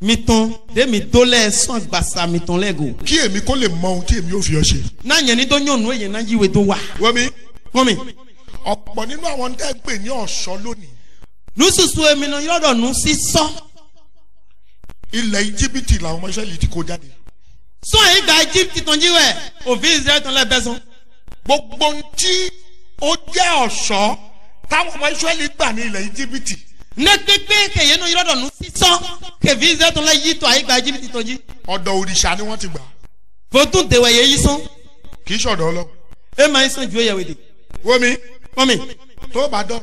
mitan demi dolẹ sàn gbàsà mitan lẹgo. kí èmi kó lè mọ ohun tí èmi ò fi ọ ṣe. náà yẹn ni tó yànnú èyàn náà yíwe tó wà. wọ́mi. wọ́mi. ọ̀pọ̀ nínú àwọn tẹ́ ń pè ní ọ̀ṣọ́ lónìí. nususu èmi náà yọ̀dọ̀ nu sísọ. ilẹ̀ íjíbítì làwọn ọmọ ìṣẹ́lẹ̀ ti kó jáde. sọ èyí gba íjíbítì tán jíwẹ̀ òfin ìṣẹ́ tán lẹ́bẹ̀ sàn. gbogbo ohun tí ó jẹ́ ọ̀ṣọ́ táwọn ọmọ ìṣẹ́lẹ̀ gbà ní ilẹ̀ íjíbítì ne kpekpe ke yenu yɔrɔ dɔ nu ke vi zɛ tɔ la yi tɔ ayi gba jibiti tɔ dzi. ɔdɔ òrìṣà ni wọn ti gbà. fotun tewɛ ye yi sɔn. kì í sɔdɔ lɔ. e ma yi sɔn ju yɛ wele. wọ́mi. wọ́mi. tó o bá dɔn.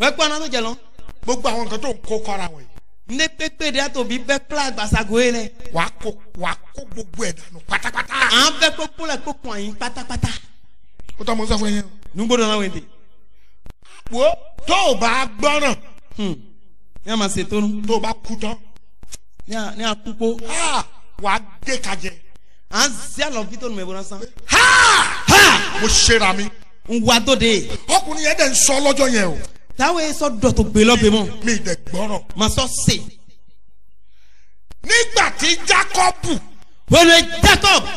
wẹ́ gbọ́n náà tó jẹ lọ. gbogbo àwọn nǹkan tó ń kó kọ́ra wọ̀nyí. ne kpekpe de ato bi bɛ kpla gbasago ye lɛ. wà á kó wà gbogbo ɛ dànù pátápátá. à bɛ kpokpo la kpokpo ayin pátápátá. o tọ́ mọ sọ fún yẹn. nugbodò wo tó o bá gbọ́ràn. Hmm ní a máa ṣe tónú. tó o bá kú tán. ní a ní a kú ha, wà á gé kajẹ. à ń ṣe àlọ́ fító nu mẹ́bùrán san. mo ṣera mi. n wa tó de. ọkùnrin yẹn dẹ̀ ń sọ lọ́jọ́ yẹn o. táwọn yẹn sọ dọ̀tò gbé lọ́bẹ̀ mọ́. mi ìdẹ̀ gbọ́rọ̀. màá sọ sè. nígbà tí Jákọ́bù. wọlé Jákọ́bù.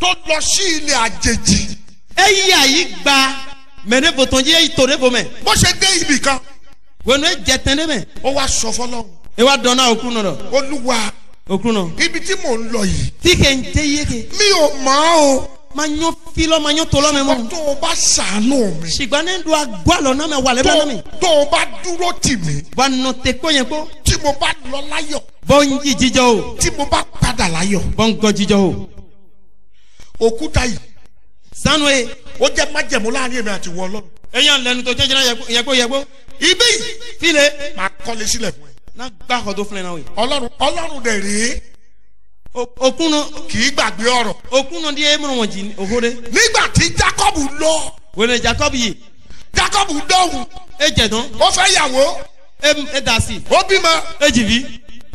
tó lọ sí ilé àjèjì. ẹ yí àyí gba mẹ́rẹ́bù tó ń yé ìtòrẹ́bù mẹ́. bó ṣe dé ibì kan wọnú ẹ jẹ tán débẹ̀. ó wá sọ fọlọ. ẹ wá dán náà okun náà. olúwa. okun náà. ibi tí mò ń lọ yìí. tí kẹ̀ ń tẹ́ yéke. mi ò mọ̀ o. ma yọ filọ ma yọ tolọ mi mọ. tó o bá sànú mi. ṣùgbọ́n do agbọ́ àlọ́ náà mi wà lẹ́bàá náà mi. tó o bá dúró tì mí. wà nù tẹ kó yẹn kó. tí mo bá lọ láyọ̀. bọ́ ń jí jíjọ o. tí mo bá padà láyọ̀. bọ́ ń gọ jíjọ o. òkúta yìí. sanu ye. ó jẹ́ májẹ̀mú láàrin èmi àti wọ́ọ́lọ́. ẹ̀yàn lẹ́nu tó jẹ́jẹ́ náà ibi yìí file máa kọ́lé sílẹ̀ fún ẹ. n'a gbà kọ́ tó filẹ̀ náà o ye. ọlọ́run ọlọ́run dẹ̀ rèé. okunu. kì í gbàgbé ọ̀rọ̀. okunu di e múnú wọn jì òhóre. nígbà tí jacob lọ. wẹ̀rẹ̀ jacob yìí. jacob dọ̀wù. e jẹ̀ dán. ó fẹ́ yàwó. e e da si. ó bímọ. e jìbí.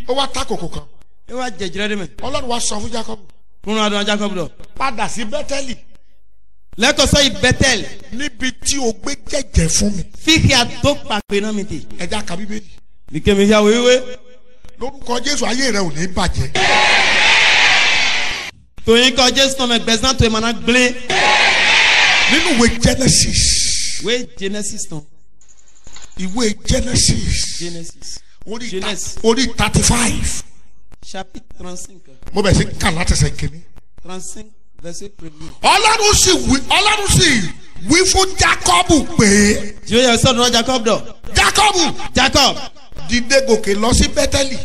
ó wá ta kòkò kan. e wá jẹjẹrẹ de mẹ. ọlọ́run wá sọ fún jacob. kunu adùn jacob lọ. padà sí bẹ́tẹ́lì. Let us say Bethel. Níbi tí o gbé jẹ́jẹ́ fún mi. Fífi àtọ́pàpẹ́ náà mi tè. Ẹja kà bíbélì. Nìkẹ́ mi yá wéwé. Lórúkọ Jésù ayé rẹ ò ní bàjẹ́. Tòyìn kọ Jésù tọmọ ẹgbẹ̀sán tó ìmọ̀nà gblé. Nínú ìwé Genesis. Ìwé Genesis tán. Ìwé Genesis. Genesis. Orí orí thirty five. Chapitre trente cinq. Mo bẹ̀ sí kà láti ṣe kìíní. trente cinq ọlọ́run sì wí ọlọ́run sì wí fún jacob pé. tí ó yẹ sọ́nù náà jacob dọ̀. jacob. jacob. dìde gòkè lọ sí bẹ́tẹ́lì.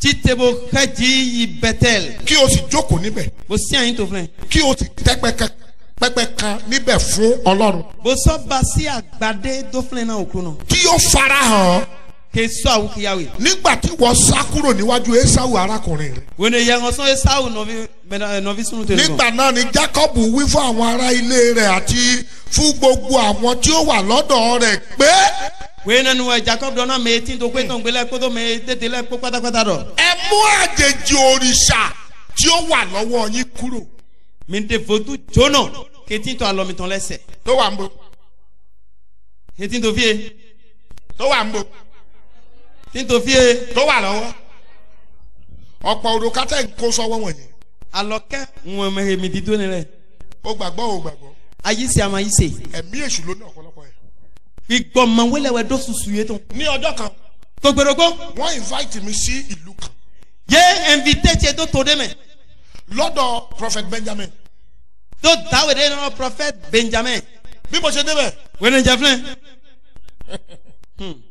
títẹ̀bọ̀ kẹ́jì yí bẹ́tẹ́lì. kí o sì jókòó níbẹ̀. mo sí àyín tó fún ẹ. kí o sì tẹ́pẹ́ kan pẹpẹ kan níbẹ̀ fún ọlọ́run. bó sọ́ba sí àgbàdé tó fún náà òkú náà. kí o farahàn kì í sọ àwọn kìyàwó. nígbà tí wọ́n sá kúrò níwájú esau arákùnrin rẹ̀. wọ́n lè sọ esau nọ́bí eh, sunu tẹ̀lé. nígbà náà ni jacob wí fún àwọn ará ilé rẹ̀ àti fún gbogbo àwọn tí ó wà lọ́dọ̀ rẹ̀ pé. wọ́n nanu ẹ̀ jacob dọ́nà mẹ́ etí tó pé tán gbélé kótó mẹ́ tètè lẹ́ kó pátápátá rọ̀. ẹ mú àjèjì òrìṣà tí ó wà lọ́wọ́ yín kúrò. mi tẹ fotu jóná kẹtí tó alọ́mitán lẹ́sẹ̀. tó wà tó wà ń bọ̀ nítorí ẹ. E. tó wà lọ́wọ́ ọ̀pọ̀ òdò kátẹ́ kó sọ́wọ́ wọ̀nyí. alọ́kẹ́ wọn mẹ́hẹ̀mí dídó ni rẹ̀. o gbàgbọ́ o gbàgbọ́. ayíṣe àmọ́ ayíṣe. ẹ̀mí èṣù ló ní ọ̀pọ̀lọpọ̀ yẹn. ìgbọ̀nmọ̀ wẹ́lẹ́wẹ́ dó susu yé tó. ní ọjọ́ kan. gbogbogbò. wọ́n invite mi sí ìlú kan. yé invité tiẹ̀ tó tó dé mẹ́. lọ́dọ̀ prophet benjamin. tó dáwọ̀ dé lọ́dọ̀ prophet benjamin. bí mo ṣe débẹ̀. wẹ́n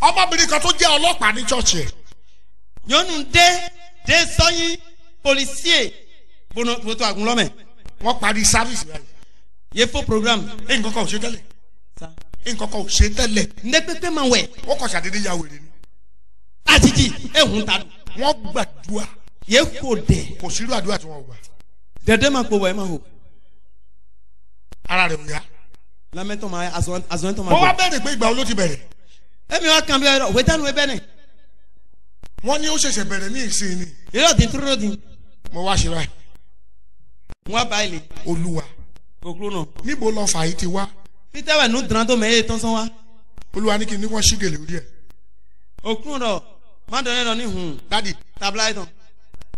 ọmọbìnrin kan tó jẹ́ ọlọ́pàá ní chọ́ọ̀chì ẹ̀. nyɔnu dé dé sɔnyi policier bonoto agunlɔmɛ. wọ́n parí sáfìsì rẹ̀. yefo programme. e nǹkan kan ò ṣe tẹ́lẹ̀. e nǹkan kan ò ṣe tẹ́lẹ̀. ndé pépé ma wẹ̀. ó kọ̀ ṣàdédé ya wèrè ni. àtijì ehun ta dùn. wọ́n gbàdúrà. yé kò dẹ̀. kò sírú àdúrà tí wọ́n gbà. dẹ̀dẹ̀ ma gbowó ẹ ma hò. ara rẹ̀ ò yá. lamẹ́tọ̀ ma azọ́ntọ̀ ma gbọ́. bọ́wá bẹ̀rẹ̀ pé ìgbà wo ló ti ẹ̀mí wa kàn bí ọ̀rọ̀ òwe tánu ẹbẹ̀ ni. wọ́n ní ó ṣẹ̀ṣẹ̀ bẹ̀rẹ̀ ní ìsìn ni. irọ́ di, tóró di. mo wá ṣe báyìí. wọ́n bá ilé. olúwa. òkúrò náà. níbo lọ fà yìí ti wá. peter wà nù dùnà tó mẹ́yẹ tán sán wá. olúwa ní kí ni wọ́n ṣí gèlè orí ẹ̀. òkúrò náà má dọ̀rẹ́ lọ ní hun. dadi. tabla ìtàn.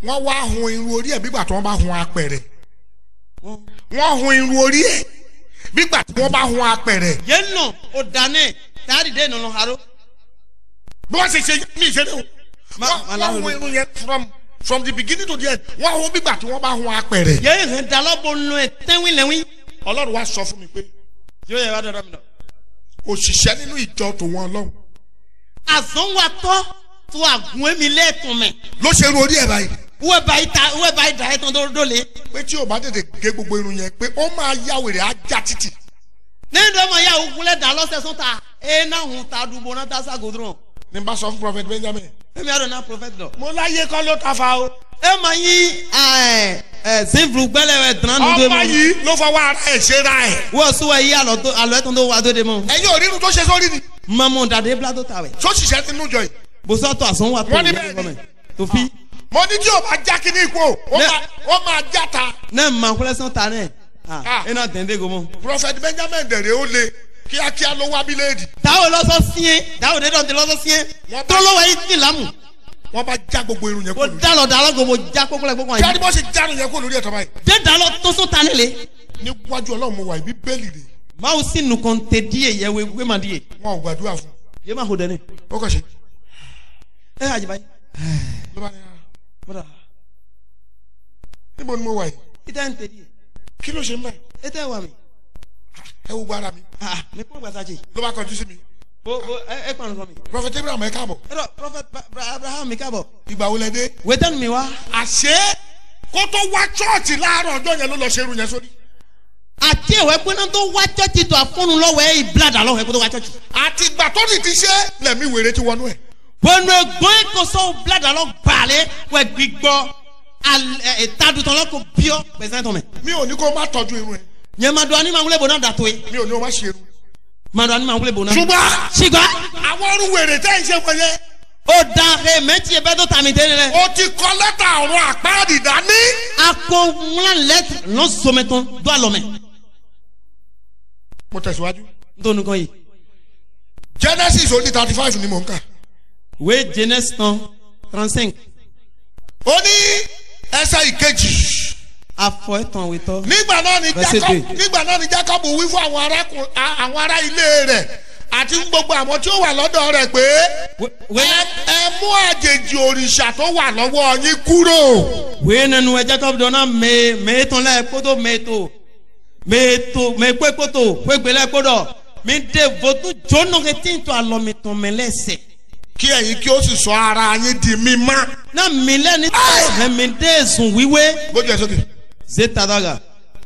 wọ́n wá hun irun orí ẹ̀ bígbà tí wọ́n bá hun apẹ̀rẹ̀. wọ́n hun irun orí ẹ̀ bígbà tí wọ́n bá hun apẹ̀rẹ̀. yẹn náà ò dáná naari de nunu haro. bí ṣe ṣe mí ṣe dé o wọ́n hun irun yẹn from from the beginning to the end wọ́n hun bígbà tí wọ́n bá hun apẹ̀rẹ̀. yéé hàn dalọ́bù nù ẹ̀ tẹ́wìn lẹ́wìn. ọlọ́run wa sọ fún mi pé. yóò yẹ wá dandan mi náà. òṣìṣẹ́ nínú ìjọ tó wọn lọ́hùn. àzọ́nwàtọ́ tó àgùn èmi lẹ́ẹ̀tún mẹ́. ló ṣe irun orí ẹ̀ báyìí. wúwẹ́ báyìí ta wúwẹ́ báyìí dà ẹ́ tán tó dólé. pé tí o bá tètè gé gbogbo irun yẹn pé ó máa yáwèrè ajá títì. ní ìdánwò yà ó gúnlẹ̀ dà lọ́sẹ̀ sọ́ta e na hun ta dugbo na ta sagodron. ní bá sọ fún prophet benjamin. èmi àdùn náà prophet lọ. mo laye ko lo ta fa o. ẹ mọ̀ yín zinflu gbẹlẹwẹ tán ní dèmọ. ọba yìí ló fọwọ́ ara ẹ̀ ṣe ra ẹ̀. wọ́n sún ẹ yí àlọ́ ẹ̀tún tó wà tó dèmọ. ẹ̀yin ò rí irun tó ṣe sórí ni. mọ̀mọ́ dàdé bladó ta wẹ̀. sọ́sìṣẹ́ ti nù jọ yìí. bùsọ̀tò àsánwó àtò ìyá tó fi. mo ní tí o bá já kíní ipò ó máa já ta. náà mọ̀ kúlẹ́sán ta náà. ẹ náà tẹ̀ ń dé prophet benjamin dẹ̀rẹ̀ ó le kíákíá ló wá bíléèdì. dáwọ lọsọ sí ẹ dáwọ dédọ̀ ti lọsọ sí ẹ tó ló wà yìí ti lámù. wọn bá já gbogbo irun yẹn kó lórí. mo dálọ dálọ gbogbo já gbogbo la gbogbo àyè. jáde bó ṣe járun yẹn kó lórí ẹ̀ tọ́ báyìí. dé dálọ tó sọ tani le. níwájú ọlọ́run mo wà ibi bẹ́ẹ̀lì rè. máa sì nù kàn tẹ díẹ̀ yẹ wé màá díẹ̀. wọn ò gbàdúrà fún. yé máa hò dẹ́ni. ó kàn ṣe. ẹ àjìbá yìí. ló bá ní ara. Ah. níbo ni mo wà yìí. kí ló ṣe ń bẹ̀. ẹ tẹ́ wà mí ẹ wo gbára mi. mi kúrò gbàtà jì. ló bá kọjú sí mi. bo bo ẹ gbọ́n sọ mi. prophet abraham ẹ káàbọ̀. ẹ dọ prophet abraham mi káàbọ̀. ìgbà wo lẹ dé. wẹ́tẹ́nu mi wa àṣé kó tó wá chọ́ọ̀chì láàárọ̀ ọjọ́ yẹn ló lọ ṣerú yẹn sórí. àti ìwé gbóná tó wá chọ́ọ̀chì tó àfọ́nù lọ́wọ́ ẹ̀ ìbílàdà lọ́wọ́ ẹ̀ kó tó wá chọ́ọ̀chì. àti ìgbà tó ní ti ṣe lẹ́mí wèrè ti wọnú ẹ̀. bọ́nú egbò ètò sọ́wọ́ bílàdà lọ gbàlẹ́ wẹ̀ gbígbọ́ ìtàdùtàn lọ́kọ̀ bíọ́ pẹ̀sẹ̀ tán mẹ́. mi ò ní kó má tọ́jú irun ẹ̀ nye maduani ma wule bona dato ye. mi ò ní o ma ṣe eru. maduani ma wule bona. ṣùgbọ́n ṣùgbọ́n. àwọn ọrùn wèrè tẹ́ ẹ ṣe wọlé. ó da ẹ mẹ́tì bẹ́ẹ̀ tó tàmí tẹ́lẹ̀ rẹ. o ti kọ́ lẹ́tà ọ̀rọ̀ àpáàdì dání. a ko ńlá lẹ́tà lọ sọmẹtàn dọ́ àlọ́mẹ. mo tẹ̀síwájú. n tó nìkan yìí. genesis oní thirty five ni mò ń kà. wé genesis tán trente cinq. ó ní ẹsẹ̀ ìkejì afọ ẹtàn wetọ. nígbà náà ni jacob nígbà náà ni jacob wí fún àwọn ará àwọn ará ilé rẹ̀ àti gbogbo àwọn tí ó wà lọ́dọ̀ rẹ̀ pé ẹ mú àjèjì òrìṣà tó wà lọ́wọ́ yín kúrò. wíì nínú ẹ jacob dọ́nà mèé mèé tán lẹ́ẹ̀ kótó mèé tó mèé tó mèé pé kótó pé gbélé kódọ̀ mi dé votu jóná kẹtí tó alọ́ mi tán mi lẹ́sẹ̀. kí ẹ̀yin kí ó sì sọ ara yín di mímọ́. náà mi lẹ́ni tó ẹ̀mí dé èsùn wíwé. gbójú ẹ̀ sókè zetadaga.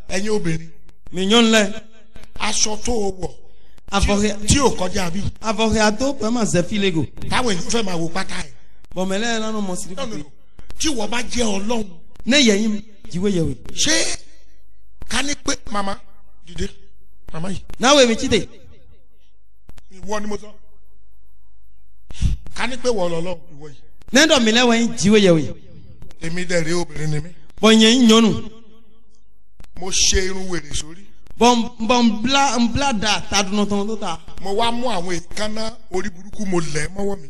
ẹ̀yin obìnrin. mìyàn lẹ. aṣọ tó o wọ̀. afọkẹ́ tí o kọjá bí. afọkẹ́ àtó pẹ̀mà zẹfilego. táwọn èèyàn fẹ́ máa wo pátá yẹn. bọ̀mẹ́lẹ́ lánàá mọ̀ sí. tí wọ́n bá jẹ́ ọlọ́run. ne yẹ̀yìn ìwé yẹ̀wò. ṣé ká ní pé mama dìde màmá yìí. náwó èmi chide. ìwọ ni mo sọ. ká ní pé wọ́n lọ lọ ìwọ yìí. nẹ́ẹ̀dọ̀ mi lẹ́wọ̀ yín jíwé yẹ̀wò. èmi dẹ̀ rí obìnrin ni mí. bọ̀nyẹ̀ yọnu mo ṣe irun wèrè sórí. bọ̀n bọ̀n bla da tadunu tán tó ta. mo wá mú àwọn èèkánná orí burúkú mo lẹ̀ mọ́wọ́ mi.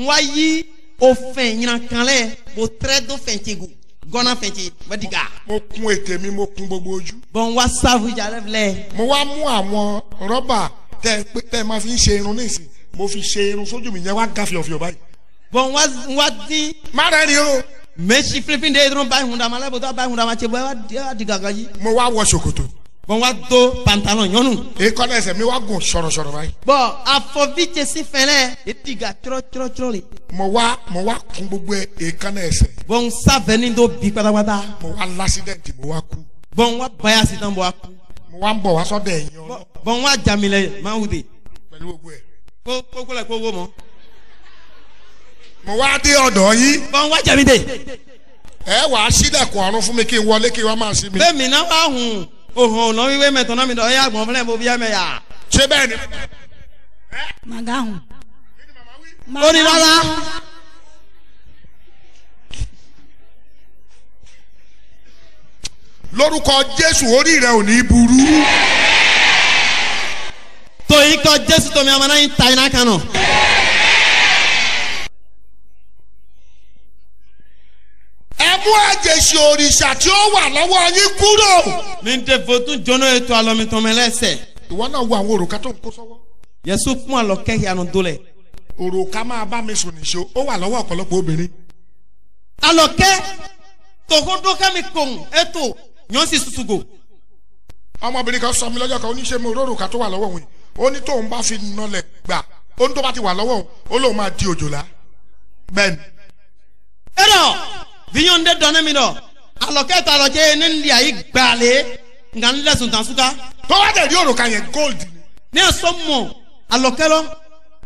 n wá yí òfin yìnyínkanlẹ̀ mo tẹ́rẹ́ tó fẹ̀ ṣe gò gọ́nà fẹ̀ ṣe gbẹ́dìgà. mo kun ètè mi mo kun gbogbo ojú. bọ̀n wá sáfù ìjàlẹ̀ filẹ̀. mo wá mú àwọn rọ́bà tẹ pé tẹ máa fi ń ṣe irun nísìn mo fi ṣe irun sójú mi yẹn wá ga fìọ̀fìọ̀ báyìí. bọ̀n wá dín. má rẹ̀ rí o mɛ si filipin de ye dɔrɔn ba in kunda ma ala bɛ taa cɛ bɔ ya di ka gaji. mo wa wɔ sokoto. bɔn wa do pantalon ɲɔnu. e kɔnɔ ɛsɛ mi wa gun sɔrɔsɔrɔ ba ye. bɔn a fɔ bi cɛsi fɛnɛ e ti ka tɔrɔ tɔrɔ tɔrɔ le. mo wa mo wa kun gbogbo e kɔnɔ ɛsɛ. bɔn sanfɛ do bi patapata. mo wa lasidɛnti mo wa ku. bɔn wa baya sitan bɔ a ku. mo wa bɔ wa sɔ dɛ yen. bɔn wa jamilɛ mawude. pɛlu ko mo wá dé ọ̀dọ̀ yín. mo ń wá jẹ̀mí dé. ẹ wàá sílẹ̀kùn ọ̀run fún mi kí n wọlé kí wọ́n máa sí mi. bẹ́ẹ̀ mi náà wá hùn òhun ọ̀nà wíwé mẹ́tàn náà mi dọ̀ ẹ́yà gbọ̀n fúnlẹ̀ mo bí ẹ̀mẹ̀ yà. ṣé bẹ́ẹ̀ ni. màgá hùn. ó ní rárá. lórúkọ jésù orí rẹ ò ní burú. tòyí kọ jésù tó mi ọmọ náà ń ta iná kan náà. mú ẹ̀jẹ̀ ṣe òrìṣà tí ó wà lọ́wọ́ yín kúrò. mi ń dẹ́fọ́ tún jọ́nà ètò àlọ́mìtọ́mẹ lẹ́sẹ̀. ìwọ náà wo àwọn òrùka tó ń kó sọ́wọ́. yẹsu fún àlọ́kẹ́ ìyanu dolẹ̀. òrùka máa bá mi sùn nìṣó ó wà lọ́wọ́ ọ̀pọ̀lọpọ̀ obìnrin. àlọ́kẹ́ tòkódókẹ́mi kòun ètò yàn sí susugo. ọmọbìnrin kan sọ mi lọ́jọ́ kan oníṣẹ́ mi òrórùka tó tó wà lọ́wọ́ òun viɲɔnde dɔnne mi dɔ alɔkɛ ta lɔkɛ ne ni yi gbaale nka n lɛ suntan suka. tɔwɔ de di o do ka ɲɛ gold. ne sɔ mɔ alɔkɛ lɔ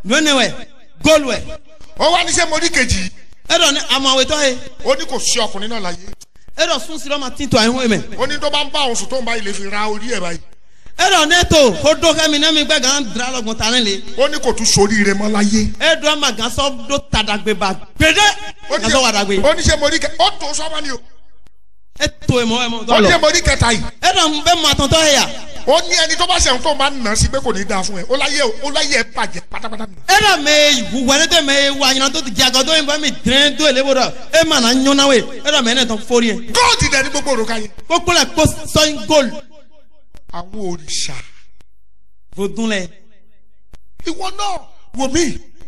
lónìí wɛ gold wɛ. o wa ni se keji. e dɔ ni amawetɔ ye. o ní kò sí ọkùnrin náà la ye. e dɔ sun sirɔ ma tin to a ye n wé mɛ. o ní tó bá ń bá òun sùn tó ń bá ilé fi ra orí ẹ̀ e e dɔ ne to mi do gbɛ gan dira lɔ gun tani le. ó ní kò tún sori rẹ mọ́ láyé. e dɔ ma gasɔ do tadagbeba gbede gasɔ wadagbe. ó ní sɛ mori kɛ ó tó sɔba ni o. e to ye mɔ ye mɔ. ó ní sɛ mori kɛta yi. e dɔ bɛ maa tɔntɔn ye yan. ó ní ẹni tó bá sẹ̀ ń tó máa nà sí pé kò ní da fún ẹ ó láyé ó láyé ẹ bàjẹ́ pátápátá. e dɔ mɛ wɛrɛ tɛ mɛ wa ɲinan tó ti jago tó mi dìrín tó yẹlẹ wòrɔ e we e dɔ mɛ ne tɔ fori ye. góòtù dɛ ni gbogbo òrùka yẹ àwọn òrìṣà. Vodúnlẹ̀. Ìwọ náà wò mí.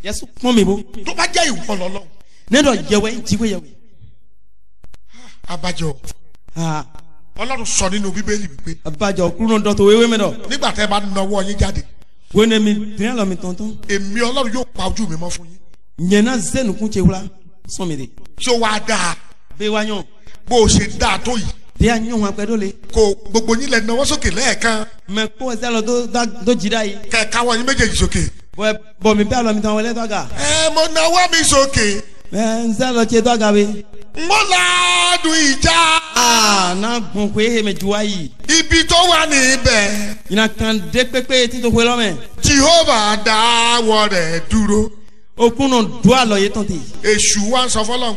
Yẹ́sù pọ́n mi bó. Tó bá jẹ́ ìwọ lọ́lọ́. Nínú yẹwẹ́ jíwé yẹwẹ́. Ah, abájọ. Ọlọ́run sọ nínú Bíbélì wípé. Abájọ kúrò dọ́tò wéwé mi dọ̀. Nígbà tẹ́ bá nawọ́ yín jáde. Wéne mi dín àlọ́ mi tọ̀ntọ̀n. Èmi Ọlọ́run yóò pa ojú mi mọ́ fún yín. Nyẹ̀nà zẹ́nukú ṣe wúlá sọ́mi de. Ṣé wàá dáa? Bẹ́ẹ̀ wá yàn. Bó o ṣe dáa tó yìí bí a nyɔnua pɛ le. ko gbogbo yín lẹ nọwọ sókè mɛ kó ɛsɛ lọ tó tó jì dá yìí. kẹ káwọ yín méjèèjì sókè. bɔn bɔn mi bẹ́ẹ̀ lọ mi tán wọlé tọ́ga. ẹ mo nawọ́ mi sókè. ẹ n sẹ́ lọ tse tọ́ga bi. mo la dùn ìjà. aa n'a gun ko e mi ju wa yìí. ibi tó wà ní ibẹ̀. yìnyín kan dé pépé títún pé lọ́mẹ. jehova dáwọ́ rẹ̀ dúró. okun náà dùn àlọ́ yìí tán tè. èṣù wa ń sọ fọlọ́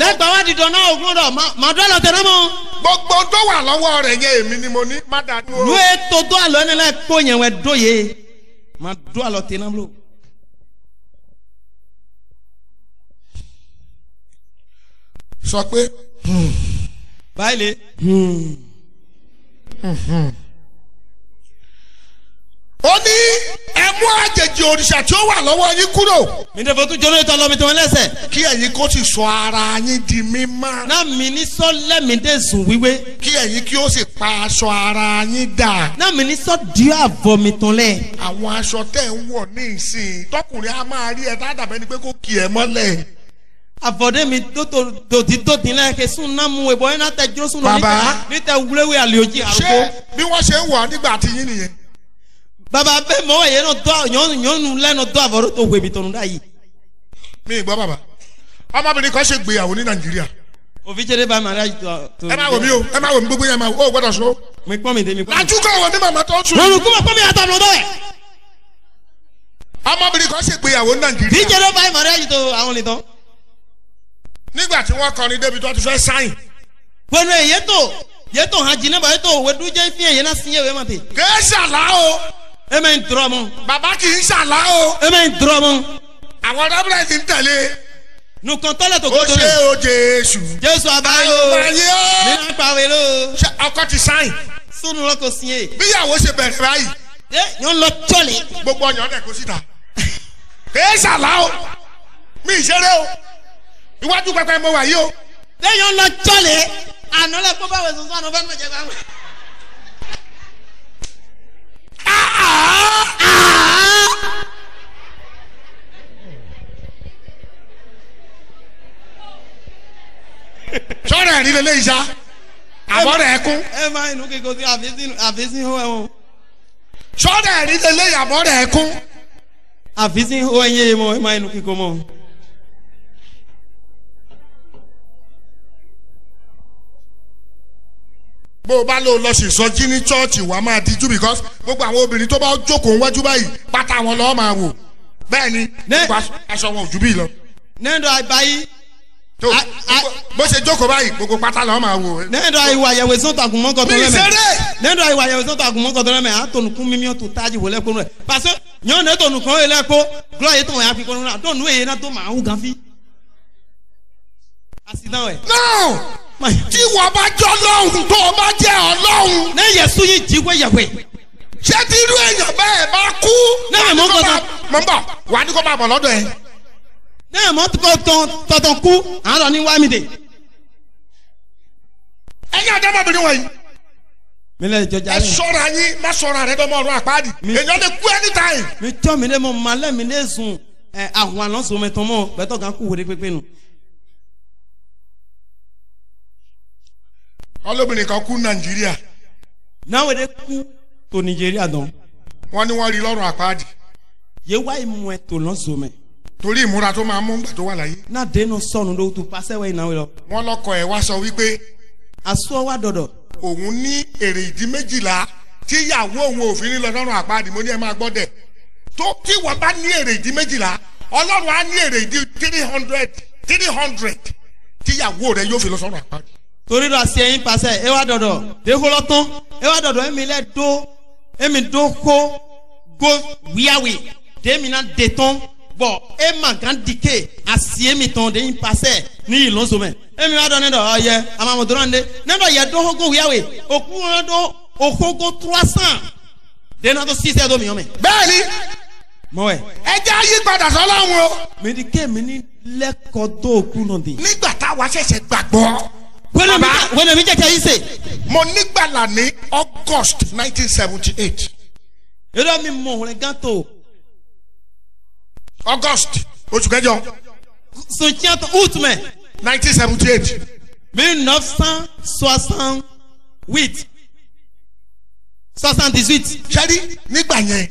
lẹ́gbàá wá dìdọ̀ náà ògùn rọ̀ màá dọ́ àlọ́ tẹ̀lé mọ́. gbogbo tó wà lọ́wọ́ rẹ̀ yẹn èmi ni mo ní. má dà dúró. lu ètò dó àlọ́ ẹni láì kó yẹn wẹ̀ dó yẹ màá àlọ́ tẹ̀lé mọ́. sọ pé. Hmm. báyìí lè ó ní ẹ mú àjèjì òrìṣà tí ó wà lọ́wọ́ yín kúrò. mi tẹ fọ tún jọ lóyún tó lọ mi tí wọn lẹsẹ. kí ẹ̀yin kó sì sọ ara yín di mímọ́. náà mi ní sọ lẹ́mìdé sùn wíwé. kí ẹ̀yin kí ó sì pa aṣọ ara yín dà. náà mi ní sọ di àbọ̀ mi tán lẹ̀. àwọn aṣọ tẹ̀ ń wọ̀ ní ìsìn tọkùnrin a máa rí ẹ tá a dàbẹ́ ni pé kó kì ẹ mọ́lẹ̀. àfọ̀dé mi tó ti tó ti lẹ́yìn sún náà mú ebọ ẹ̀ náà tẹ baba bẹẹ mọ ẹyẹ náà tó nyɔnu lẹnu tó àbọrò tó wẹbi tọnu dá yìí. mi gbọ́ bàbá ọmọbìnrin kan ṣe gbéyàwó ní nàìjíríà. òfin bá màrá yìí ẹ má wò mí o ẹ má wò mí gbogbo yẹn má wò ó gbọdọ so. mi pọ́n mi dé mi pọ́n mi. lajú kọ́ wọ ní màmá tó sùn. olùkú mi pọ́n mi àtàwọn ọ̀dọ́ ẹ̀. ọmọbìnrin kan ṣe gbéyàwó ní nàìjíríà ẹ mẹ́ ń tọrọ mu. bàbá kì í o. ẹ mẹ́ ń tọrọ mu. àwọn dábìlẹ̀ ti ń tẹ̀lé nùkàn tọ́lẹ̀ tó kótó rẹ̀. ó ṣe o jésù. jésù abayọ nínú pàwé ló. ọkọ ti sáyìn. sunu lọkọ sí e. bíyàwó ṣe bẹ̀rẹ̀ báyìí. ẹ yóò lọ tọ́lẹ̀. gbogbo ọyàn dẹ̀ kó síta. kèé sàlá o mi ìṣeré o iwájú pẹpẹ mo wà yìí o. ẹ yóò lọ tọ́lẹ̀ àná lẹ kó báwo sọ sọ àná fẹ́ẹ́ sọ̀rọ̀ ah, ah. ẹ̀rí lélẹ́yìí sá àbọ̀rẹ̀ ẹ̀kún. ẹ máa inú kíkó sí àfisín hó ẹ̀wọ̀n. sọ̀rọ̀ ẹ̀rí lélẹ́yìí àbọ̀rẹ̀ ẹ̀kún. àfisín hó ẹ̀yẹ́ mọ́ ẹ máa inú kíkó mọ́. bó o bá lò lọ sí ìsọjí ní chọ́ọ̀chì wàá máa díjú because gbogbo àwọn obìnrin tó bá jókòó wájú báyìí pátá wọn lọ́ọ́ máa wò bẹ́ẹ̀ ni aṣọ wọn ò ju bí lọ. nẹ́ẹ̀dọ̀ àìbáyé. bó ṣe jókòó báyìí gbogbo pátá lọ́ọ́ máa wò. nẹ́ẹ̀dọ̀ àìwà àyẹ̀wò ìsọ́tò àgùnmọ́ kọ̀tọ̀ lẹ́mẹ̀. mi ìṣeré. nẹ́ẹ̀dọ̀ àìwà àyẹ̀wò ìsọ́tò àgùnmọ́ kọ̀tọ̀ lẹ́mẹ̀ àtọ̀nùkún mímí ọ̀tún tájì wọlé kó rẹ̀. pàṣẹ yọ̀ọ́ nẹ́ẹ̀tọ̀nù kan yẹ lẹ́kọ́ gúlọ̀ yẹ tó wọ̀nyá fi kọ́ tí wọ́n bá jọ lọ́hùn tó o bá jẹ́ ọlọ́hùn. ní yẹsu yìí jíwé yẹwé. ṣé tí irú èèyàn bẹ́ẹ̀ bá kú. náà mọ̀ ń bọ̀ mọ̀ ń bọ̀ wà á ní kó bá bọ̀ lọ́dọ̀ ẹ̀. náà mọ̀ tọ̀tàn kú àárọ̀ ní wámìdè. ẹ̀yin àdámọ̀bìnrin wọ̀nyí. mílẹ̀ ìjọjà rẹ̀. ẹ sọ̀rọ̀ yín má sọ̀rọ̀ rẹ̀ dọ́mọ̀ ọ̀run àpáàdì. èèyàn lè kú anytime. mi tọ́ mi lé mo malẹ́ mi lé sùn àwọn àlọ́ sọ̀mẹ́tọ́mọ́ bẹ́tọ̀ kan kú wèrè pépé nù. olóbìnrin kan kú nàìjíríà. náà wẹ́n kú tó nàìjíríà dán. wọ́n ní wọ́n rí lọ́rùn àpáàdì. yé wá ìmú ẹ tó lọ zomẹ. torí ìmúra tó máa mú gbà tó wà láyé. náà dénú sọnù ló tu pàṣẹwẹ́ ìnáwó lọ. wọ́n lọkọ ẹ̀ wá sọ wípé. àsọ wa dọ̀dọ̀. òun ní èrè ìdí méjìlá tíyàwó òun òfin ní lọ́rùn àpáàdì mo ní ẹ máa gbọ́ dẹ̀. tó tí wọ́n bá ní èrè ìdí méjìlá ọlọ́run á ní èrè ìdí three hundred three hundred tíyàwó rẹ yóò fi lọ sọ́run àpáàdì torí lọ asi ẹyin pasẹ ewa dọdọ deholọ tán ewa dọdọ emi lẹ do emi do ko go wiawi demina de tán bọ ema gan dike asi emi tán de yin pasẹ ní yìí lóso mẹ emi wa dọ ne ọyẹ amamudurọ ne ne yẹ do go wiawi òkú wọn do òkógo trois dena tó sísẹ tó mìíràn mẹ. bẹẹni mọ ẹ. ẹ jẹ́ àyípadà sọ́lá wọn. mẹ́ríkẹ́ mi ní lẹ́kọ̀ọ́ tó kú náà dé. nígbà táwa ṣẹ̀ṣẹ̀ gbàgbọ́ wọ́n mi jẹ́kẹ́ yìí sè. mo nígbàlà ní august nineteen seventy eight. irọ́ mi mọ̀ òun gan tó. august oṣù kẹjọ. sùn tí a tó août mẹ́. nineteen seventy eight. mille neuf cent soixante huit soixante dix huit. sẹ́rí nígbà yẹn.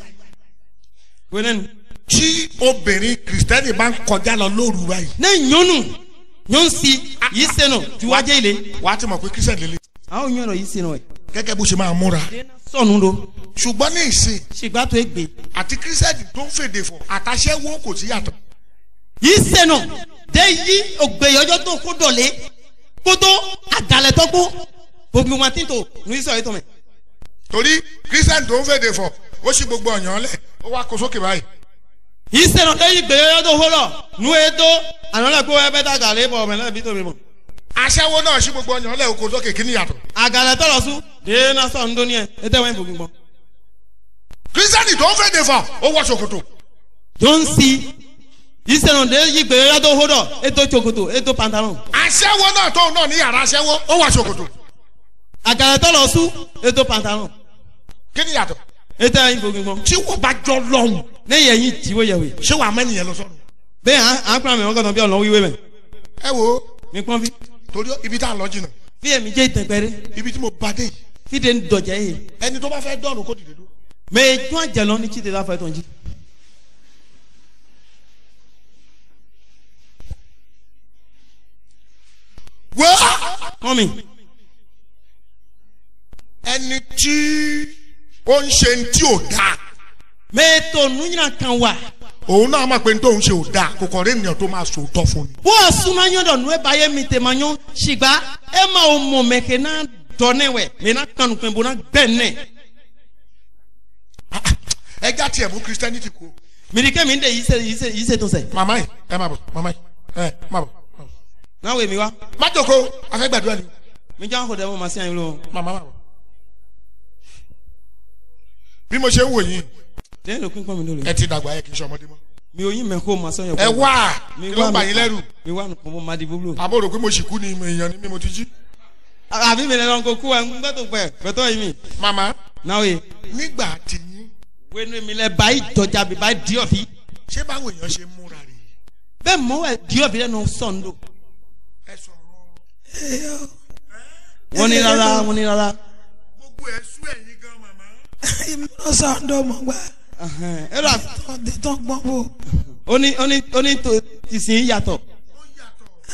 wẹ́nẹ́nu. tí obìnrin kristẹni máa ń kọjá lọ lóru báyìí. ní ìyọnu yóò si yìí sẹ́nu ju wájẹ́ ilé. wà á ti mọ̀ pé christian lele. àwọn yóò yọrọ yìí sẹ́nu ẹ̀. gẹ́gẹ́ bó ṣe máa múra. sọ̀nù do. ṣùgbọ́n ní ìsìn. ṣùgbọ́n tó gbé. àti christian tó ń fèdè fọ àtàṣe wo kò sí yàtọ̀. yìí sẹ́nu dé yí tó kó dọ̀lé kótó àgàlẹ̀tọ́gbó gbogbo wọn ti tó ní sọ̀rọ̀ ètò mẹ́. torí christian tó ń fèdè fọ ó sì gbogbo ọ̀yàn lẹ̀ ó wá kó sókè báyìí yisɛnɔ ɖe yi gbeyɔyɔ do ho lɔ nue do anɔlɛ gbɔ ɛbɛ ta gale bɔ mɛ lɛ bi to mi mɔ. aṣẹ́wó náà ṣí gbogbo ọyàn lẹ́wọ̀ kó sókè kíní yàtọ̀. àgàlẹ̀ tọ̀lọ̀ sún dèé náà sọ̀ ń dóní ẹ̀ ẹ tẹ́ wọ́n ń bòmí gbọ́. kristiani tó ń fẹ́ de fa ó wọ ṣòkòtò. tó ń si yisɛnɔ ɖe yi gbeyɔyɔ do ho lɔ eto ṣòkòtò eto pantalon. aṣẹ́wó náà tó náà ní yàrá aṣẹ́wó ó wọ ṣòkòtò. àgàlẹ̀ tọ̀lọ̀ sún eto pantalon. kíní yàtọ̀ e tẹ́ ẹyin fògin gbọ́n. tí wọ́n bá jọ lọ́hùn. lẹ́yìn ẹ̀yin tí wọ́n yẹ wẹ̀. ṣé wàá mẹ́rin yẹn lọ sọ́run. bẹ́ẹ̀ à ń pàmì wọn kọ́tàn bí ọ̀nà wíwé mẹ́. ẹ wo. mi pọ́n fi. torí ibi tá a lọ jìnnà. fi èmi jẹ́ ìtẹ̀gbẹ́rẹ́. ibi tí mo bá dé yìí. fíde ń dọ̀jẹ́ yìí. ẹni tó bá fẹ́ dọ̀rùn kó dìde dúró. mẹ ẹjọ́ àjẹlọ ni chite láfa ẹ̀tọ́ njí. wá. kọ́mi. ẹni tí ó ń ṣe ní tí ò dáa. mẹ tòun yìnyín kan wà. òun náà máa pe ní tóun ṣe ò dáa kò kọ̀ rí ènìyàn tó máa sòótọ́ fún un. bó o súnmọ́ yín dọ̀nù ẹ bá yẹ mi tèmọ́ yín ṣìgbà ẹ máa ò mọ̀ mẹ́kẹ́ náà dọ̀nẹ́ wẹ̀ mẹ́ náà kanu pẹ̀ bó náà gbẹ̀nẹ̀. Ah, ah. ẹ já tiẹ̀ mú christianity kú. mìrìkẹ́ mi ń dẹ̀ yìí ṣètò sẹ̀. màmá ẹ má bọ̀ màmá ẹ má bọ̀. náà wèé mi wá. má bí mo ṣe ń wò yín. lẹ́yìn ló pín pọ́n mi lórí. ẹ ti dàgbà ẹ kì í ṣe ọmọdé mọ́. mi ò yín mẹ́kọ́ ma sọ́yàn. ẹ wá kí ló ń bà yín lẹ́rù. mi wà nù mo máa di búlù. àbò rò pé mo sì kú ni èèyàn ni mi mo ti jí. àbí mi lẹ́nu ọkọ̀ kú wa ń gbẹ́tò pẹ̀ pẹ̀tọ́ yìí mi. màmá. náà yìí. nígbà tí yín. wẹ́nu mi lẹ báyìí tọ́jà bí báyìí díọ̀ fi. ṣé báwo èèyàn ṣe múra rè bẹ́ẹ̀ mọ ẹ díọ̀ fi lẹ́nu sọ̀ndò. ẹ sọ̀rọ̀. wọ́n ní rárá wọ́n ní rárá. gbogbo ẹ̀ sú ẹ̀yìn ìmúná sọ̀ndọ̀ mọ̀ gbà. tó ń gbọ́n bò. ó ní ó ní ó ní tó ìsìn yàtọ̀.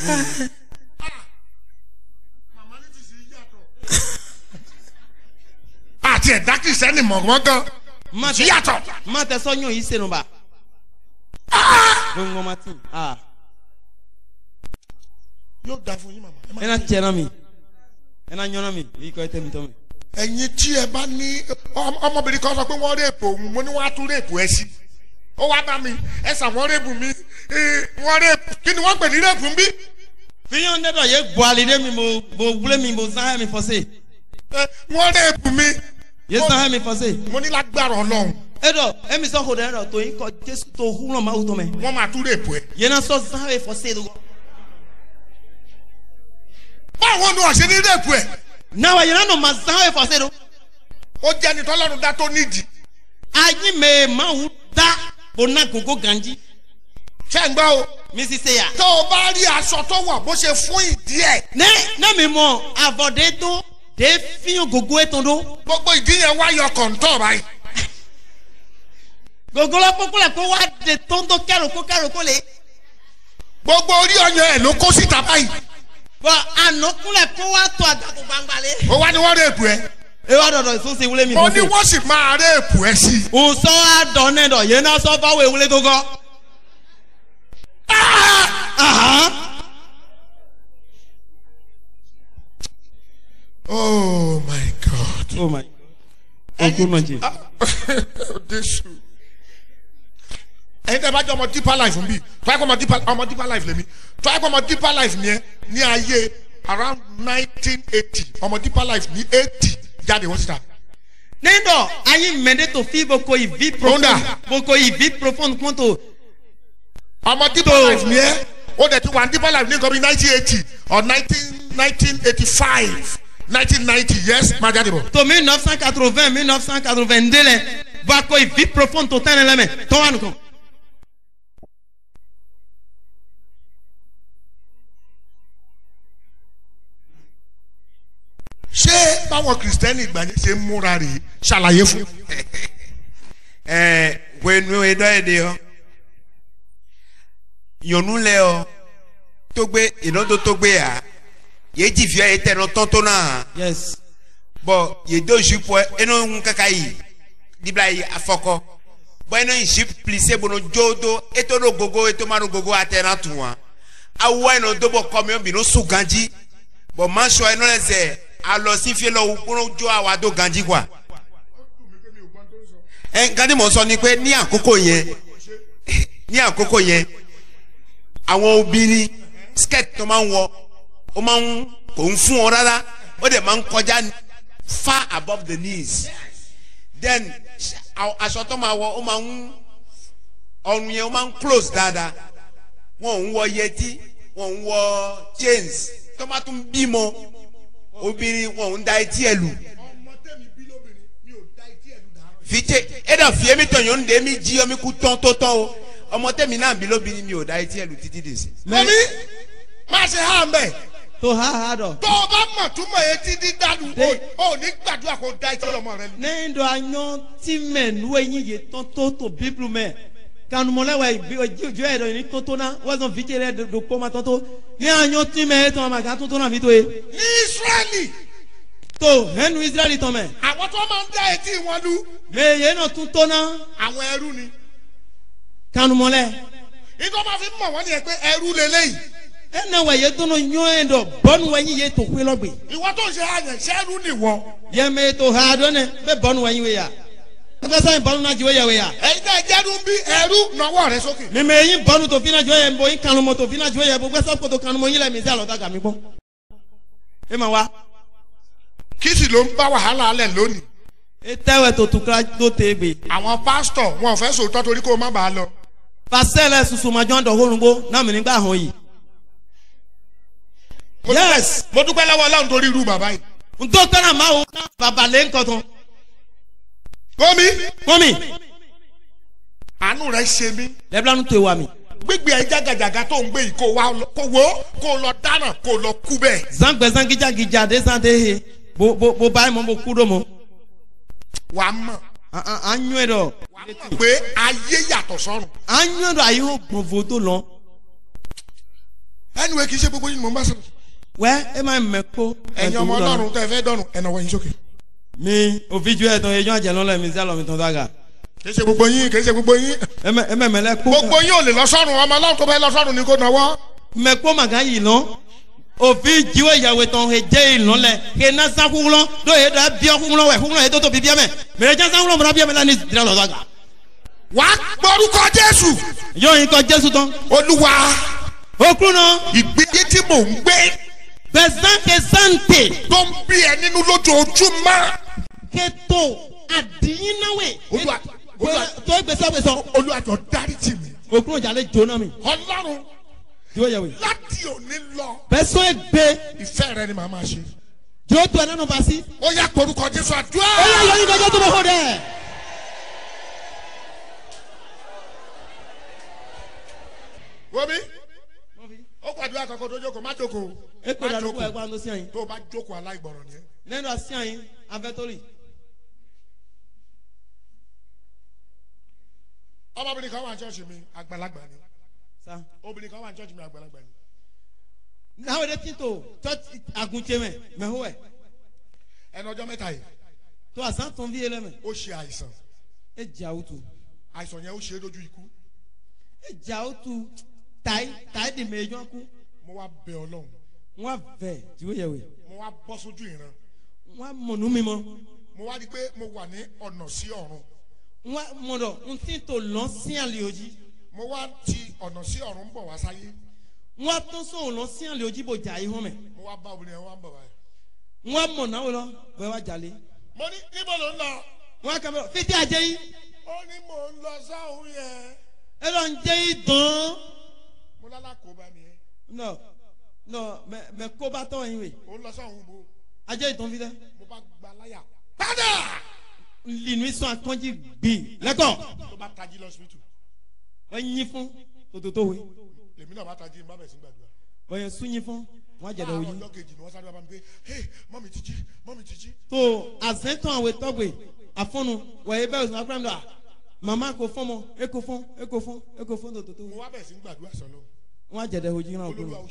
àti ẹ̀dá kìsẹ́nì mọ̀gbọ́n gan. má tẹ yàtọ̀. má tẹ sọ́yún yìí sẹ́nu bá. ló ń gbọ́n má tì. yóò dà fún yín màmá. ẹ na tiẹ̀ náà mi ẹ na yọ̀nà mi èyí kọ́ ẹ tẹ́ mi tọ́ mi ẹ̀yin tí ẹ bá ní ọmọbìnrin kan sọ pé wọ́n rèpò òun mo ní wọ́n á tún rèpò ẹ sí ó wá bá mi ẹ sà wọ́n rèpò mi wọ́n rèpò kí ni wọ́n pè ní rèpò ń bí. fíyàn nẹ́dọ̀ yẹ gbọ́ àlìdé mi mo mo wúlé mi mo sáhẹ́ mi fọ́sẹ̀. wọ́n rèpò mi. yé sáhẹ́ mi fọ́sẹ̀. mo ní lágbára ọlọ́run. ẹ̀dọ̀ ẹ̀mi sọ kò dẹ́rọ̀ tó yín kọ jésù tó húràn máa wù tó mẹ́. wọ́n máa tún rèpò ẹ̀. yẹn náà sọ sáhẹ́ fọ́sẹ̀ báwo ni ọ̀sẹ̀ ní rèpò ẹ̀ náà yẹn nánà màá sáwé fàṣẹ do. ó jẹ́ ni tọ́lọ́run dá tó nídìí. ayé mèé máa ń dá bọ́nà gógó gànjí. ṣé ń gbọ́ o. mi sì ṣe yà. tó o bá rí aṣọ tó wà bó ṣe fún ìdí ẹ̀. ní ní mi mọ àbọ̀dé tó dé fíyàn gógó ẹ̀ tó dó. gbogbo ìdí yẹn wá yọ kọ̀ǹtọ̀ báyìí. gógó lọ kó wá de tó kẹ́rù kó kẹ́rù kó lè. gbogbo orí ọyàn ẹ̀ ló kó síta báyìí bɔn ànàkúnlẹ̀ kó wá tó àgbàkú gbangba lé. ó wá ní wọ́n rè bu ẹ. e wá dọ̀dọ̀ ìsún sí wúlé mi. ó ní wọ́n sì máa rè bu ẹ sí. ǹsọ́ àdánẹ́dọ̀ yẹn náà sọ fáwọn ewúlé gógó. Ah! oh my god. oh my. ojú náà jẹ. Ah! ẹ̀yin tẹ́ bá jẹ́ ọmọ deeper life ń bì tọ́ ẹ̀kọ́ ọmọ deeper life lèmi tọ́ ẹ̀kọ́ ọmọ deeper life yẹn ní ayé around nineteen eighty ọmọ deeper life ní eighty jáde wọ́n síta. nendo ayi mende to fi boko ivi profonde boko ivi profonde kunto. ọmọ deeper life yẹn ó dẹ̀ ti wà deeper life ní nǹkan bí nineteen eighty or nineteen nineteen eighty five nineteen ninety yes máa jáde bọ̀. to mille neuf cent quatre vingt mille neuf cent quatre vingt deux lẹ bako ivi profonde tó tẹ́lẹ̀ lẹ́mẹ̀ tọ́wọ́ nìkan. ṣé báwọn kìrìsìtẹ́nì ìgbàanì ṣe ń múra rèé ṣàlàyé fún. ẹ wẹnu ẹdọ ẹdẹ ọ yọnu lẹ ọ tó gbé ìnáwó tó gbé yà yé jìfìyà yé tẹnu tọ́tọ́ náà. yes. bọ yé dó ìṣupọ ẹnu ń kàkà yìí dibla yìí afọkọ bọ ẹnu ìṣu plissé bọnu jóódó ètò ọdún gogo ètò márùn gogo àtẹnà tún wa awọ ẹnu dóbọ kọmi ọbìnrin sùn ganjí bọ máṣọ ẹnu ẹsẹ alọ sí fi lọ gbọ́njọ́ àwa tó ganjí wa. ẹ nǹkan tí mo sọ ni pé ní àkókò yẹn ní àkókò yẹn àwọn obìnrin skirt tó máa ń wọ ó máa ń kò ń fún ọ rárá ó dẹ̀ máa ń kọjá far above the knees then aṣọ tó máa wọ ó máa ń ọrùn yẹn ó máa ń close dáadáa wọn ò ń wọ yẹtí wọn ò ń wọ chains tó máa tún bímọ obìnrin wọn ń da etí ẹ lù. fìtẹ ẹdọ fìyẹ mi tọyọ ń mi jí ọmi kú tán tó tán o ọmọ tẹmí náà bí lóbìnrin mi ò da etí ẹ lù títí dè sí. mami ma se há mbẹ. tó há há dọ. tó o bá mọ̀ tó mọ̀ etí dídádù o ò ní gbàdúrà kó da etí ọmọ rẹ lù. ní ìdọ̀ àyàn tí mẹ̀ nú ẹ̀yìn yìí tán tó tó bíbélù mẹ́ kanumɔlɛ wa jɔ yɛ dɔn ni totona wɔzɔn fitse yɛ do kpɔma tɔto ni a nyɔ tún mɛ etɔn ma k'a totona fi to ye. ní israeli. tó hẹnu israeli tán mɛ. àwọn tó máa ń dá etí wọn lu. mɛ yen nɔ tún tọ́nà. àwọn ẹrú ni. kanumɔlɛ. ikọ́ máa fi mọ̀ wọ́n ni ẹ pé ẹrú lélẹ́yìí ẹnna wà yẹ tó nyọ ẹ dọ bọnu wà yín yẹ tó kú lọgbẹ. ìwọ tó ń ṣe àyẹ̀ṣẹ́rú nìwọ. yẹ́n mi tó ha dọ́nẹ̀ bẹ́ẹ̀ bọnu wà yín wẹ̀ yà fẹsẹ̀ ìbọnú náà ti wéyà wéyà. èyí tẹ jẹ́nu bí ẹrú nọwọ́ rẹ sókè. mímẹ yín bọnú tó fínà jọ yẹ mbọ yín kanu mọ tó fínà jọ yẹ bọ gbẹsẹ kótó kanu mọ yín lẹ mí sí àlọ́ dàgà mi gbọ́. ẹ mà wá. kìsì ló ń bá wàhálà alẹ lónìí. e tẹ́wẹ̀ tó tukura tó tebe. àwọn pásítọ̀ wọn fẹ́ sòótọ́ torí kó o má bàa lọ. pàṣẹlẹ sùsùmọjọ dọwọrùngbó náà mi nígbà hàn yìí. yes. mo dúpẹ́ lọ́wọ́ ọlọ́run torí irú bàbá yìí. ntọ́ Kọ́mi. Kọ́mi. Àánú rẹ̀ ṣe mí. Lẹ́bílánú tó wà mí. Gbígbé ẹ jágajàga tó ń gbé yìí kó wa kó wo kó lọ dáná kó lọ kú bẹ́ẹ̀. Zangbẹ zangijagija de zande he bo bo bo báyìí mọ mo kú dò mọ. Wà á mọ̀. À ń yún ẹ dọ̀. Wà á mọ̀ pé ayé yàtọ̀ sọ́run. À ń yún ẹ dọ̀ ayé ó gbọ̀n fo lọ. Ẹnu ẹ kì í ṣe gbogbo yìí ni mo ń bá sọ̀rọ̀. Wẹ́ ẹ máa mẹ́kó. Ẹ̀yin ọmọ Ọlọ́run tẹ fẹ́ dọ̀rùn ẹ̀nà wọ̀nyí sókè mi òfijù ẹ̀ tán eyín àjẹ́ lọ́lọ́ mi sálọ̀ mi tán sága. kì í ṣe gbogbo yín kì í ṣe gbogbo yín. ẹ mẹ̀mẹ̀ lẹ kó. gbogbo yín ò lè lọ sọ́run ọmọ aláwọ̀ tó bẹ́ẹ̀ lọ sọ́run ni kò náwó. mẹ kó màgá yìí lọ òfijù ìyàwó tán ẹjẹ́ ìlọ́lẹ̀ kì í ná sákúnlọ́ dó yẹ dá bíọ́ kúnlọ́ wẹ̀ kúnlọ́ yẹ tó tóbi bíẹ́mẹ̀ mẹ̀rẹ̀ jẹ́ sákúnlọ́ mọ̀ra bíẹ́mẹ̀ lánìí ìdílé lọ pẹ̀sán tè tó ń bí ẹ nínú lójoojúmọ́ keto àdìyínáwé. olúwa olúwa tó gbèsè gbèsè. olúwa jọ dáríjì mi. okun ìjàlè jóná mi. ọlọ́run yóò yẹ wẹ̀. láti òní lọ. bẹ́sọ̀ ẹ gbé. ìfẹ́ rẹ ni màá máa ṣe. yóò tó ẹ nánú bá sí. ó yà korúkọ jésù àdúrà. ó yà yọ ìdájọ́ tó bọ̀ hó dẹ̀. wọ́bí ó pàdé àkọ́kọ́ tó jókòó má jókòó. ẹ pèrè àdúgbò ẹ̀gbọ́n ló sí àyín. tó o bá jókòó aláìgbọràn ni. lẹ́nu àsí àyín afẹ́tọ́rì. ọmọbìnrin kan wà ní mi àgbàlagbà ni obìnrin kan wà ní mi àgbàlagbà ni. náà wẹ́n ti tó tọ́tí àgùntẹ́mẹ̀ mẹ́húwẹ̀. ẹnu ọjọ́ mẹ́ta yìí. tó àṣà tán bí ẹlẹ́mẹ̀. ó ṣe àìsàn. ẹ jà ó tu. àìsàn yẹn ó ṣe é dojú ikú. ẹ jà ó tu tàí tàí dì mẹ́jọ́ kú. mo wá bẹ ọlọ́run. mo wá bẹ tìwé yẹ̀wé. mo wá bọ́ sójú ìran. mo wá mọ̀nú mímọ́. mo wá rí i pé mo wà ní ọ̀nà sí ọ̀run wọn mo rọ n ti tò lọ sí àlè òjì. mo wá ti ọ̀nà sí ọ̀run bọ̀ wá sáyé. wọn tó sóhun lọ sí àlè òjì bò jà ihun mẹ. mo wá bá obìnrin yẹn wá ń bọ̀ báyìí. wọn mọ̀ náà lọ bẹ́ẹ̀ wá jà lé. mo ní níbo ló ń lọ. wọn kà mọ fìdí àjẹ yín. ó ní mò ń lọ sáhùn yẹn. ẹ lọ ń jẹ́ ìdán. mo lálá kó bá nìyẹn. nọ nọ mẹ mẹ kó bá tọ́ yín wè. ó ń lọ sáhùn bo. ajẹ́ ìdán fi dẹ́. mo bá gba láyà. padà linuisɔn atɔnji gbi lɛkɔ. tó bá tají lọ síbitù. wọ́n yín fún tòtòtò we. èmi náà bá tají n bá bẹ̀ sí gbàdúrà. wọ́n yẹn sún yín fún wọ́n jẹ̀dọ̀ wọ́n yín. ọjọ́ kejì wọ́n sáré bá mi pé hey mọ́mí ti jí mọ́mí ti jí. tó àzẹ́tàn àwọn ìtọ́gbè àfọ́nu wọ̀nyí bẹ́ẹ̀ sọ akpẹ́rẹ́ náà màmá kò fọ́n mọ́ e kò fọ́n e kò fọ́n e kò fọ́n tòtòtò. wọ́n bẹ̀ sí gbàdúrà sọ̀lọ́. wọ́n jẹ̀dọ̀ wọ́n yín náà kúrò. olúwa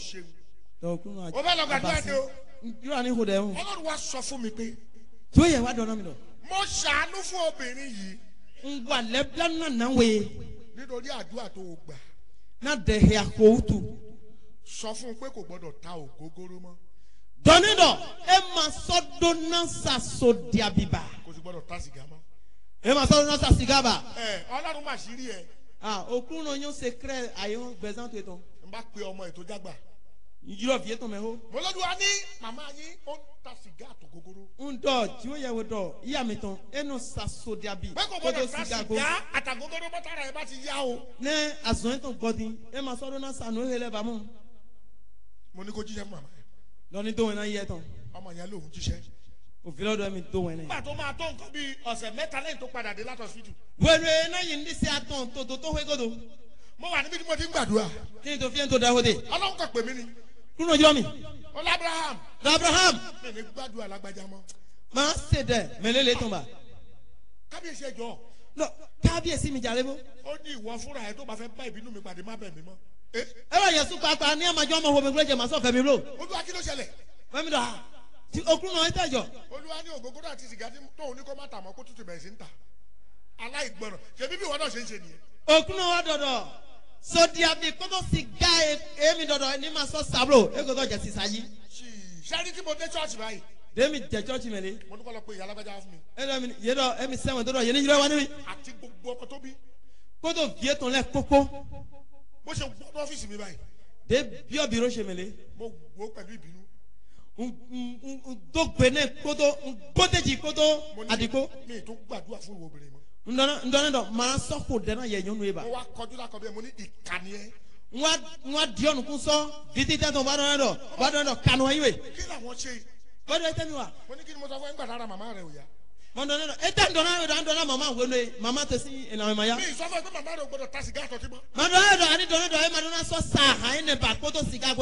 ò mo ṣàánú fún obìnrin yìí. ngwa lẹbla nana we. nítorí àdúrà tó o gbà. na dẹ̀hẹ̀ àkóòtù. sọ fún un pé kò gbọdọ̀ ta ògógóró mọ́. dọ́nidọ̀ ẹ e máa sọ dọ́nà sàṣọ diabiba. kò sì gbọdọ̀ ta sìgá mọ́. ẹ e máa sọ dọ́nà sàṣọ sìgá bà. ẹ ọlọ́run mà sí rí ẹ. òkúrun ah, yóò ṣe kẹrẹ àyẹ̀wò gbẹ̀sán tó tán. n bá pe ọmọ ètò jágbà yíyọ fìyẹ tó mẹ hó. bọ́lọ́dúnwá ní màmá yín ó ń ta sìgá àtògógóró. ń dọ̀ tí ó yẹ wo dọ̀ ìyá mi tán ẹnu sasodiabi. bẹ́ẹ̀ kò gbọ́dọ̀ ta sìgá àtàgógóró bọ́tara ẹ̀ bá ti yá o. ní àzọ̀yìn tó gbọ́dí ẹ máa sọ́dún náà sànú ìhẹlẹ́ bàmú. mo ní kó jíjẹ màmá yẹn. lọ́ni tó wọn náà yẹ tán. ọmọ yẹn lòun jíṣẹ́ òfìlẹ́ ọ̀dọ̀ mi tó wọn náà. nígbà tó máa tó nǹkan bíi ọ̀sẹ̀ mẹ́ta lẹ́yìn tó padà dé látọ̀ sídù. wẹ́rẹ́ náà yìí ní sí atán tòótó tó wé gòdò. mo wà níbi tí mo ti ń gbàdúrà. kí ni tó fi ń tó dáwọ́ dé. ọlọ́run kò pè mí nínú ìjọ mi. ó abraham. lọ abraham. mi ní gbàdúrà lágbájá mọ. máa ṣe dẹ mẹlẹlẹ tó ń bà. kábíyèsí ẹjọ. lọ kábíyèsí mi jàre bó. ó ní ìwọ fúnra ẹ tó bá fẹ́ bá ìbínú mi pàdé má bẹ̀ mí mọ́. Eh, ẹ wọ yẹsùn pàápàá ní àmàjọ ọmọ òwe gbẹjẹ màá sọ fẹmi ló. olúwa kí ló ṣẹlẹ̀. fẹmi lọ ti okun náà ẹ tẹjọ. olúwa ní ògógóró àti sìgá tóun ní kó má tà kó tútù bẹ̀rẹ̀ sí ń tà aláìgbọràn ṣèbí bí ìwọ náà ṣe ń ṣe nìyẹn. okun náà wá dọ̀dọ̀ so dia bi kótó si gá èmi dọ̀dọ̀ ní ma sọ sábúrò ego tó jẹ sísá yìí. sẹ́ni tí mo dé church báyìí. dèmi jẹ church mẹ́lẹ̀. mo ní kọ́ lọ pé ìyá alágbájá fún mi. ẹ lọ mi yé dọ ẹmi sẹ́wọ̀n tó dọ̀ yé ní yíra wá níbi. àti gbogbo ọkọ tó bí. kótó fìyé tó lẹ kókó. mo ṣe gbọ́ ọ́fíìsì mi báyìí. dé bí ọ̀bì ró ṣe mẹ́lẹ̀. mo wò ó pẹ̀lú ìbínú. n dógbe náà kótó n gbódèjì kótó àdìkó. mi ì tún gbàdúrà fún obìnrin mọ ndɔnɔ ndɔnɔ dɔ maa sɔfo dɛnɛ yɛ nyɔnu ye ba. wa kɔjú la kɔbi yɛ mo ni ìkànnì yɛ. n wa n wa diɔ nukun sɔ didi tɛ tɔn badɔn dɔ badɔn dɔ kanu ayi we. kí la wọn ṣe. badɔn tɛ mi wa. mo ní kí ni mo sọ fún ẹ n gbàdá ara màmá rẹ o ya. mo ndɔnɔ dɔ e tɛ ndɔnɔ yɛ dɔ an dɔnɔ mama wele ye mama tɛ si ɛlɛmɛ ya. mi sɔfɔ ko mama rẹ o gbọdɔ ta sigi atɔ ti bɔ. ma dɔn yɛ dɔ ani dɔnɔ dɔ e ma dɔn sɔ saha e ne ba koto siga ko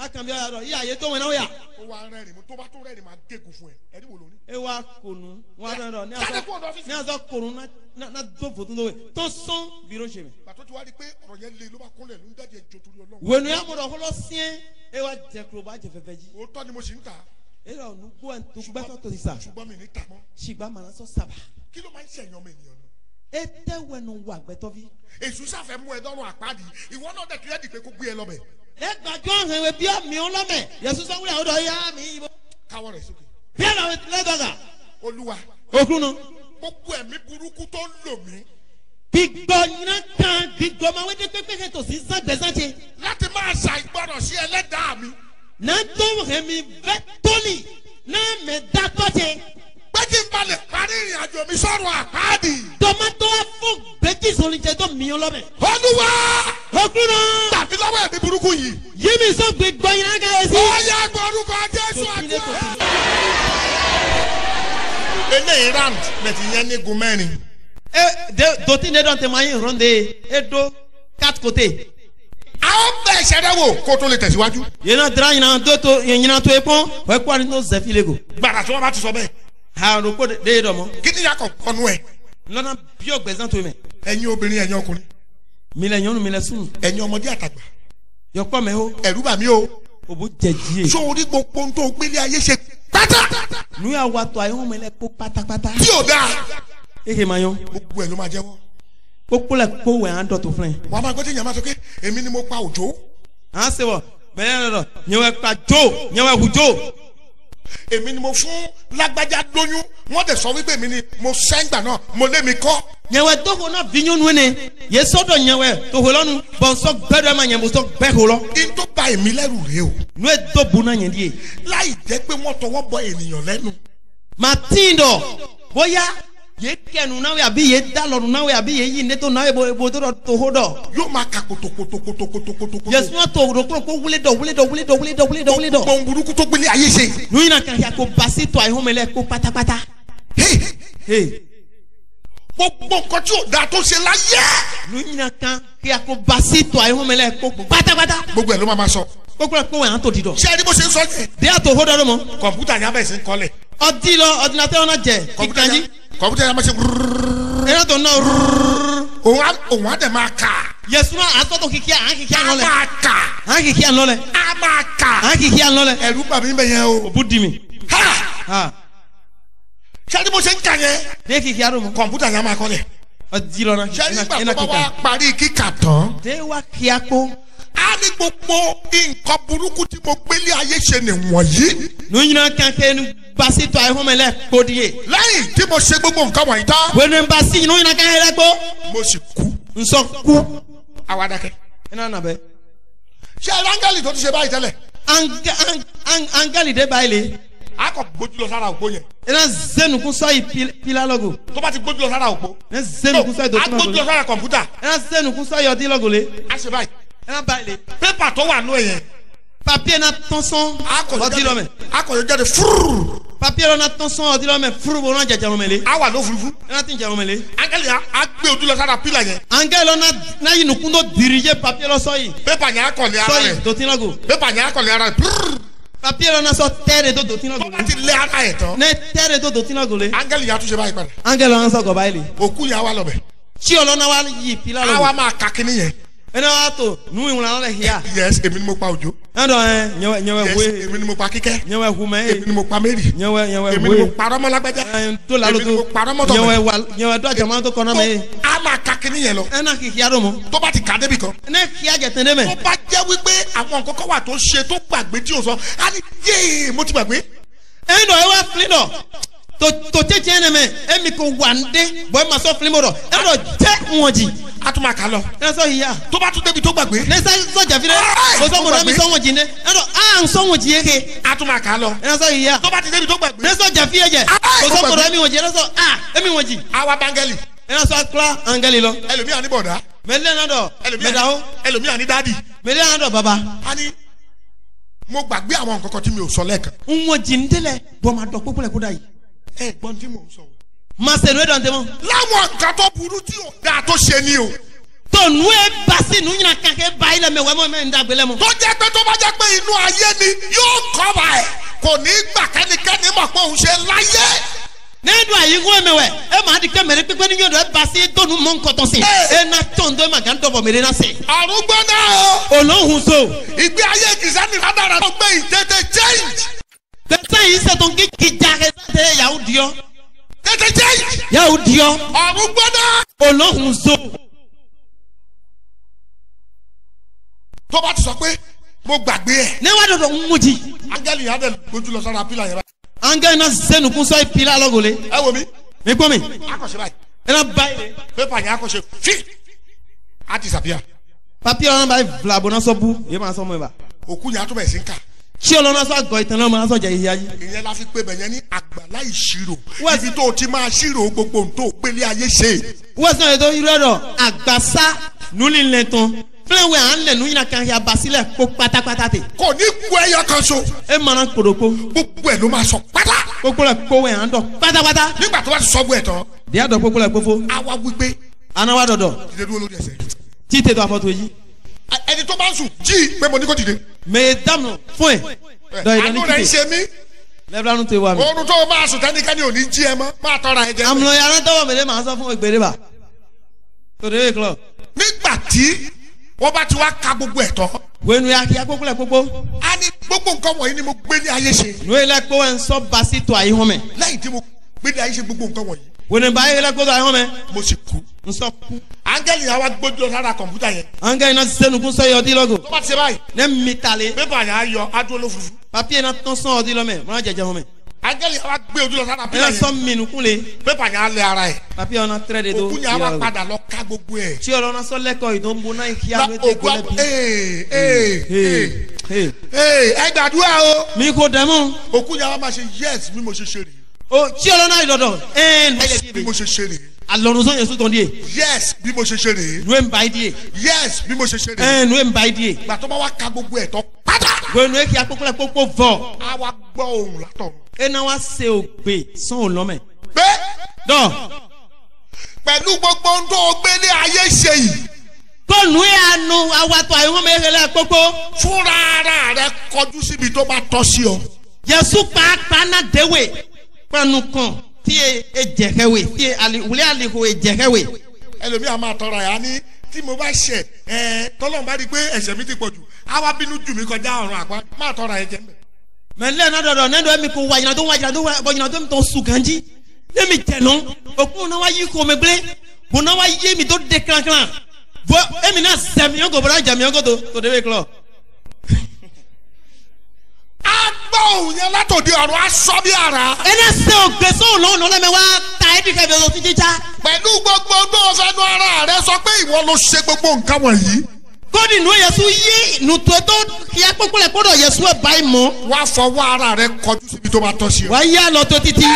akànbí ọ̀yà rọ̀ yí àyè tó wọn náà yà. ó wá rẹ́rìn tó bá tó rẹ́rìn máa gégùn fún ẹ ẹni wò lóní. ẹ wá kònú wọn á rẹ́rìn ní àzọ kònú náà tó fòtún lówó tó sán bíró ṣe mi. bàtọ́ ti wá pé ọ̀rọ̀ yẹn lé ló bá kúnlẹ̀ ló ń dájẹ́ jò torí ọlọ́run. wẹ̀nu yà mọ̀rọ̀ fọlọ́ sẹ́n ẹ wá jẹkuru bá jẹ fẹ́fẹ́ jí. òótọ́ ni mo sì ń ta. ẹ lọ nùgbọ́ ẹ̀ tó gbẹ́tọ̀ tó ti sà. ṣùgbọ́n mi ní ete wẹnu wà gbẹtọfi. èṣù sáfẹ́ mú ẹ dọ́rùn àpáàdì ìwọ náà dẹ̀ kírẹ́dì pé kó gbé ẹ lọ́mẹ̀. ẹ gbàjọ́ hẹ̀wẹ̀ bí àmì ọlọ́mẹ̀ yẹ̀sùn sáwúrẹ́ àwọn ọ̀dọ́ yá mi. káwọ rẹ sókè. bí ẹ̀rọ lẹ́gàgà. olúwa. okunu. gbogbo ẹ̀mí burúkú tó ń lò mí. gbígbọ́ iná kan gbígbọ́ máa wé pépépé tó sì sàn gbẹ̀sànjẹ. láti máa ṣàìgbọràn sí ẹlẹ́dàá mi tí n balẹ̀ parí ìrìn àjò mi sọ̀rọ̀ àpáàdì. tọ́mátọ́ fún bẹ́tì sọ̀rìjẹ́ tó mìíràn lọ́bẹ̀. olúwa ogunna. tàbí lọ́wọ́ ẹ̀mí burúkú yìí. yìí mi sọ pé gbọ́yìn á kẹ́yẹ sí. ó yà gbọ́dúkọ jésù àti eléyìí round bẹ̀tì yẹn ní gun mẹ́rin. ẹ dòtí ne dán tẹ máa ronde e do kat kote. a ó bẹ ìṣẹ̀dá wo kó tó lè tẹ̀síwájú. yìnyín dira yìnyín tó yìnyín tó e pọ́n wọ́n kó àdínkù zẹ́fílẹ̀ kò. gbàdá tí wọ́n bá ti sọ bẹ́ẹ̀ àrùn kó dé dọ̀ mọ́. kí ni yà kọ̀ kọ́nu ẹ̀. lọ́nà bí ọ̀gbẹ́sán tó mẹ́. ẹ̀yin obìnrin ẹ̀yin ọkùnrin. mi lẹ yọnu mi lẹ sùn. ẹ̀yin ọmọdé àtàgbà. yọpọ mi o. ẹ̀rú bà mí o. òbó jẹjí ye. sórí gbogbo ohun tó gbélé ayé ṣe pátá. nuya wa tó ayé wọn mẹlẹ kó pátápátá. tí o da. eke ma yan. gbogbo ẹ ló ma jẹ́wọ́. kókó la kó wẹ̀ án dọ̀tún fún ẹ. wà á máa gbọ́dọ̀ yàrá máa sọ pé èmi ni mo pa òjò. à ń sèwọ̀ bẹ́ẹ̀ èmi ni mo fún lágbájá lóyún wọn tẹ sọ wípé èmi ni mo sẹ́ngbà náà mo lé mi kọ́. nyɛwɛ dogo náà bí nyɔnu ne yé sɔdɔ nyɛwɛ dogo lɔnu bɔnsɔ bɛɛ dɔ ma nyɛ musɔ bɛɛ ho lɔ. n tó ba èmi lẹ́rù rè o. n'o ye dɔ bu náà yẹn di ye. láì jẹ́ pé wọ́n tọwọ́ bọ ènìyàn lẹ́nu. màtí dọ̀ bóyá ye kɛ ye abi ye da lɔ ye abi ye yi ne to n'aw ye bo to dɔ toho dɔ. yóò máa ka kotokotokotokotokoto. yasuma tó o kúrò ko wuli dɔ wuli dɔ wuli dɔ wuli dɔ wuli dɔ wili dɔ. gbɔnburuku tó gbélé ayé se. n'u yina kan ya ko basi tó a ye hɔn mɛlɛ ko patapata. he he gbogbo nǹkan tí ò dáa tó ṣe láyé. lóyìnbó kan kí a kó basi tó àyè wọn mẹlẹ kó gbogbo pátápátá. gbogbo ẹ ló máa ma sọ. gbogbo ẹ pé wọn yàn tó di dọ. ṣé ẹni bó ṣe ń sọ jẹ. díẹ̀ tó hó dọ́dọ́ mọ́. kọ̀mpútà yẹn abẹ́sẹ̀ ń kọ́lẹ̀. ọtí lọ ọdúnàtẹ́ ọ̀nà jẹ kíkanjí. kọ̀mpútà yẹn a máa ṣe rúrúrú. eré tó ń ná rúrúrú. òun á dẹ̀ máa kà yẹsùnà asọtọ kìkìá à ń kìkìá lọlẹ. a máa kà. à ń kìkìá lọlẹ. a máa kà. à ń kìkìá lọlẹ. ẹ̀rù ha. ha sẹ́ni mo ṣe ń kà yẹn. dé kìkì arúgbó. kọ̀mpútà yẹn máa kọ́ lẹ̀. ọjí lọ náà. sẹ́ni gbà tó bá wa parí kíkà tán. dé wá kí a kó. a ní gbogbo nǹkan burúkú tí mo gbélé ayé ṣe nìwọ̀nyí. nùyìnà kankan nu basi tó àìhùn mẹlẹ kódi ye. lẹ́yìn tí mo ṣe gbogbo nǹkan wọ̀nyí tán. wẹ́nu basi nùyìnà kankan yẹn lẹ́gbọ́. mo sì kú. nsọ kú. àwa dákẹ́. ẹ náà nàbẹ. ṣé angẹ́lì tó ti ṣe báyìí tẹ́lẹ̀. angẹ́lì dé báyìí a kò gbójú lọ sára òpó yẹn. ẹ náà zẹnu kún sọ yìí pila lọgò. tó bá ti gbójú lọ sára òpó. ẹ náà zẹnu kún sọ yìí dòtí ma lọgò. a gbójú lọ sára kọ̀mpútà. ẹ náà zẹnu kún sọ yìí ọdí lọgò lé. a ṣe báyìí. ẹ náà báyìí lé. pépà tó wà nù yẹn. papiye náà tán sán. ọdí lọ mẹ. a kò yọ jáde fúrúrú. papiye náà tán sán ọdí lọ mẹ fúrúrú wọn náà jẹ jarumẹlẹ. a wà ló furuufu. ẹ náà ti jarumẹlẹ. angele a gbé ojú lọ sára pila yẹn. angele náà n'a yìí nùkúndó dirije papiye lọ sọ yìí. pépà yẹn akọ̀lẹ̀ ara papier lọ́nà sọ tẹ́rẹ̀ tó dòtí náà gòlè. tọ́ba ti lé ara yẹn tán. ne tẹ́rẹ̀ tó dòtí náà gòlè. angẹ́lì yà túnṣe báyìí padà. angẹ́lì lọ́nà sọ gọ̀báyìí. òkú yà wà lọ́bẹ̀. tí ọlọ́nà wa yìí pílà lọ́bẹ̀. àwa máa kà kíní ẹni wàá tó nu ìwúra lẹ hìá. yes èmi ni mo pa òjò. ẹnlọ ẹ yẹwẹ yẹwẹ wo. yes èmi ni mo pa kíkẹ́. yẹwẹ hu mẹ. èmi ni mo pa mẹ́rì. yẹwẹ yẹwẹ wo. èmi ni mo pa rọmọlágbẹjẹ. ẹ n tó lalo tó. èmi ni mo pa rọmọtọ mẹ. yẹwẹ wa yẹwẹ dọ àjàmọ́ tó kọ́nà mẹ. a máa ka kini yẹn lọ. ẹnna kì í kíá dùn tó bá ti kà débi kan. ẹnna kì í kíá jẹtẹ dé mẹ. tó bá jẹ́ wípé àwọn kọ́kọ́ wà tó ṣe tó gbàgbé tí o sọ to te tiɲɛ nɛmɛ e mi ko wande bɔn e ma sɔn filimu rɔ e yɛrɛ dɔ jɛ ŋɔ ji. a tún máa kà lọ. ẹ sọ yìí yá. tó bá tún débi tó gbàgbé. ní sọ jàfi dẹ o sọ mọdọ mi sọwọn jì dẹ ẹ e dọ a ah, ń sọwọn jì yé ke. a tún máa kà lọ. ẹ sọ yìí yá. tó bá ti débi tó gbàgbé. ní sọ jàfi yẹ jẹ o sọ mọdọ mi wọn jì ẹ sọ a ẹ mi wọn jì. awa bangeli. ẹ e sọ akura angeli lọ. ẹlòmíà ní bọ̀dá. mẹlẹ náà dọ mẹdáwó. ẹlòmíà ní dádì. mẹlẹ náà dọ bàbá. ani mo gbàgbé àwọn nǹkan kan tí mi ò sọ lẹ́ẹ̀kan. ń wọ jì ń délẹ̀ bọ́ máa dọ̀ pópólẹ̀ kó dà yìí ẹ gbọ́n tí mò ń sọ. máa ṣe ìwé dọ̀ǹtẹ́ mọ́. láwọn nǹkan tó burú tí ò dáa tó ṣe ni o. tònú ẹ bá sí inú yìnyín kankan bá ilẹ̀ mẹ́wàá mọ́ mẹ́rin dàgbé lẹ́mọ́. tó jẹ́ pé tó bá jẹ́ pé inú ayé ni yóò kọ́ bá ẹ̀ kò ní gbà kẹ́nikẹ́ni mọ̀ pé òun ṣe láyé n'edu ayinwo mewɛ e ma di kɛ mɛri kpekpe ni yɔdo e ba se donu mɔ nkɔtɔ se na tɔn do e ma gan dɔbɔ mɛri na se. arúgbó náà o. olóhùn so. ìgbé ayé kìsẹ́ ni ládàra tó gbé ìtẹ́tẹ́ change. bẹ́tẹ̀ yìí ṣètò kí kìjà Say Yahudio. Tètè jẹ́ Yahudio. Ọ̀run gbọ́dọ̀. Olóhùn zo. Tó bá ti sọ pé mo gbàgbé ẹ̀. Níwájú dòdò ń mú jì. Ángẹ́lì yàrá dẹ̀ gbójú lọ sára pílà yẹn. Ángẹ́lì náà sẹ́nu kún sọ́ọ́ ìpìlà lọ́gọ̀lẹ̀. Ẹ wo mi. Mi gbọ́ mi. Akọ̀ṣe báyìí. Ẹ náà báyìí. Pépà yẹn akọ̀ṣe fi. A ti sàbíà. Papiye ọ̀nà báyìí fìlà àbọ̀nà sọ́bù. Yé máa sọ ọmọ ìbà. Òkú yẹn atúbẹ̀ sí ń kà ṣé ọlọ́run aṣọ àgọ́ ìtàn náà máa sọ̀jà ìyá ayé. ìyẹn la fi pe bẹ̀yẹn ní àgbàlá ìṣirò ibi tó o ti máa ṣírò gbogbo ohun tó o gbélé ayé ṣe. wọ́sàn ètò ìrọ̀rọ̀ àgbàsá nulilẹ̀ tán fúlẹ̀wẹ̀ à ń lẹ̀ nù yín kan yaba kó pátápátá tè. kò ní kú ẹyọ kan so. e mana kodoko. gbogbo ẹ ló máa sọ pátá. gbogbo ẹ kó ẹ à ń dọ pátápátá. nígbà tó bá ti sọ bú ẹ tán. díẹ̀ dọ̀ gbogbo ẹ gbogbo. awa wípé. anáwó dọ̀dọ̀. títẹ̀ dúró lórí yìí. ẹni tó Jésù jí pé mo ní kó dìde. mẹ dàmú fún ẹ. àánú rẹ̀ ń ṣe mí. lẹ́bùránù tẹ wá mi. oorun tó o máa sùn tẹ́nikẹ́ni ò ní jí ẹ mọ́ máa tọ́ra ẹ jẹ. àmọ́ yàrá tọ́wọ́ mi lè máa sọ fún ìgbèrè bá. tòde wí kúlọ̀. nígbà tí wọ́n bá ti wá ka gbogbo ẹ̀ tán. wẹ́nu ya kí agbókò lẹ̀ gbogbo. a ní gbogbo nǹkan wọ̀nyí ni mo gbé ní ayé ṣe. nù gbéde ayé ṣe gbogbo nǹkan wọ̀nyí. wòlé bá ayé lẹ́kọ́ sọ àyàn mẹ́. mo sì kú. n sọ kú. angẹ́lì yà wá gbójú lọ sára kọ̀mpútà náà sẹ́nu kún sọ yọtí lọ́gọ̀. tó ti ṣe báyìí. ne mi talen. pépà yà á yọ adúlọ fufu. papiye náà tán sọ ọtí lọ mẹ mọ jẹjẹ wọn mẹ. angẹ́lì yà wá gbé ojú lọ sára pílẹ̀ sọ minnu kun le. pépà yà á lẹ ara yẹ. papiye ọ̀nà tẹ́rẹ̀ de tó. òkun yà á wá padà lọ ká gbogbo yẹ. tí o tí ọlọ́run náà lọ́dọ̀ ẹn báyìí lè di bí mo ṣe ṣe rèé. alọrunsan yẹn sọtọ díẹ̀. yes bí mo ṣe ṣe rèé. nu ẹ̀ ń ba díẹ̀. yes bí mo ṣe ṣe rèé. ẹn nu ẹ̀ ń ba díẹ̀. gbàtọ́ bá wa ka gbogbo ẹ̀ tán pátá. gbẹ̀nu ẹ̀ kí akpọ́kọ́lá kpọ́kọ́ vọ. a wa gbọ́ òun látọ̀. ẹ náà wá se ògbè sán ò lọ́mẹ̀. gbé. dọ́. pẹ̀lú gbogbo ń tó o gbélé ayé ṣe yìí kóònù ẹ̀ àánú awatọ̀ àìwọ́n mẹ́rẹ̀ẹ́lẹ́ gbogbo. fúnra ara rẹ kọjú síbi tó bá tọ́ sí ọ. yẹ̀sùn pàápàá náà déwèé pẹnu kan tí e e jẹ̀kẹ̀wé tí e ali wúlé àlekò e jẹ̀kẹ̀wé. ẹlòmíì a máa tọrọ àyà ni tí mo bá ṣẹ̀ ẹ tọ́lọ́run bá rí i pé ẹ̀ṣẹ̀ mi ti pọ̀ jù á wá bínú jù mí kọjá ọ̀run àpá máa tọrọ àyà jẹ́ mbẹ́. mẹ́lẹ́ náà dọ̀dọ̀ nẹ́ẹ̀dọ̀ ẹ̀mí kò wá ìyànà tó wá ìyànà tó wá ìyànà tó ń tọ́ sùn gànjí lẹ́mi tẹ̀lọ́ òkun náà wá yí kò mẹ́ gbé kò náà wá yé mi tó dé kankan bọ́ ẹ̀mí náà sẹ̀míyàn kò bọ́ra jẹ̀míyàn kò tó tó dé wé gbọ́ òun yẹn látòdì ọ̀run aṣọ bí ara. ẹlẹ́sìn ògbésó òun lọ́nà lẹ́mẹ̀ wá ta ẹbí fẹ́ bẹ̀rẹ̀ òfin jíjá. pẹ̀lú gbogbo gbọ́ fẹnu ara rẹ sọ pé ìwọ ló ṣe gbogbo nǹkan wọ̀nyí. kóòdì nù yẹsu yé nùtò tó yẹ kókólẹ̀ kódò yẹsu ẹ̀ báyìí mọ́. wá fọwọ́ ara rẹ kọjú síbi tó máa tọ́ sí. wá yá lọ tó títí.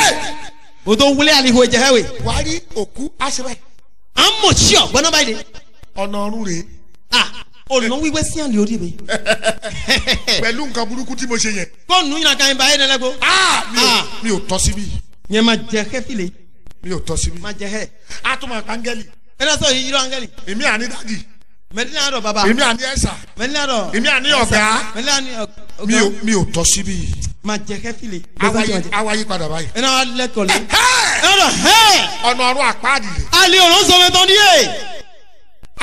o tó wúlé àlihò ìjẹ́hẹ́wé. wà á rí òkú àṣẹ báyìí. à ń mọ̀ sí ọ̀ gbọ́ná báyìí. ọ̀nà ọ̀run rèé. ah olùnà wíwẹ́ sí àlè orí mi. pẹ̀lú nǹkan burúkú tí mo ṣe yẹn. fóònù yìnyín kan báyìí lẹ́lẹ́gbó. mi ò tọ́ síbí. yẹn máa jẹ kẹfìlẹ. mi ò tọ́ síbí. máa jẹ hẹ. a tún máa pa áńgẹ́lì. ẹ lọ sọ yìí yíró áńgẹ́lì. èmi àní dádì. mẹ́tìlá dọ̀ bàbá. èmi àní ẹ̀sà. mẹ́tìlá dọ̀. èmi àní ọ̀gá. mẹ́tìlá ni ọ̀gá. mi ò tọ́ síbí. máa jẹ kẹfìlẹ. awa yí padà báyìí. ẹ náà lẹ́kọ̀ọ́ lé. ọ̀nà ọ̀run àpáàdì. alẹ́ ọ̀run sọ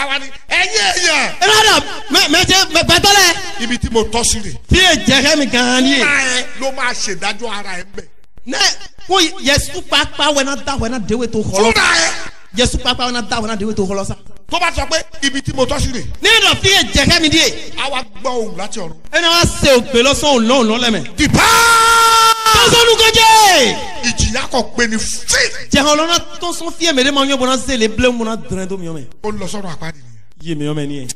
àwa ni ẹ̀yin èèyàn. rárá mẹjẹ bẹtọlẹ. ibi tí mo tọ́ sí rè. tí e jẹ́kẹ́ mi gan-an ni. ara ẹ ló máa ṣèdájọ́ ara ẹ bẹ̀. ne ko yẹsu papa wẹna da wẹna dewe to xɔlɔ. fúnra ẹ. yẹsu papa wẹna da wẹna dewe to xɔlɔ sa. tó bá sọ pé ibi tí mo tọ́ sí rè. ní ìdọ̀ tí e jẹ́kẹ́ mi di yé. àwa gbọ́ òun láti ọ̀run. ẹni wàá se ògbélọ́sán òun lọ́ọ̀lọ́ lẹ́mẹ̀. dìpáà sɔnu kɔjɛ. ìjìyà kɔ gbé ni fi. jɛhɔlɔnna tɔnsɔn fiyɛ mɛ de ma ɲɔ bɔnna sele bilen munna dɛrɛ tó miyɔn mɛ. o lɔ sɔrɔ àpá di ni. iye miyɔn mɛ ni ye.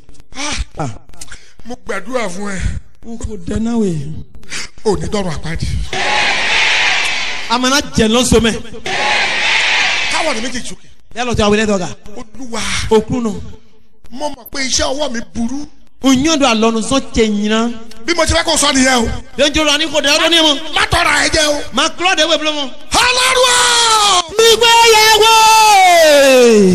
mo gbàdúrà fún ẹ. n kò dẹ náà wẹ̀. o ní tɔrɔ àpá di. a mana jɛnlɔ sɔmɛ. káwọn ni mi ti jù. yálò tí a wele dɔ kan. olúwa. okun nù. mo mọ̀ pé iṣẹ́ ọwọ́ mi burú. Unyɔn do alɔnusɔn cɛ ɲinan. Bí mo ti fẹ́ kó sọ nìyẹn o. Denjoro ni kò dé ọdún ní mu. Má tọrọ ẹ jẹ o. Má kúrò de wébìlì mu. Ọlọ́run. Nígbàyàwó.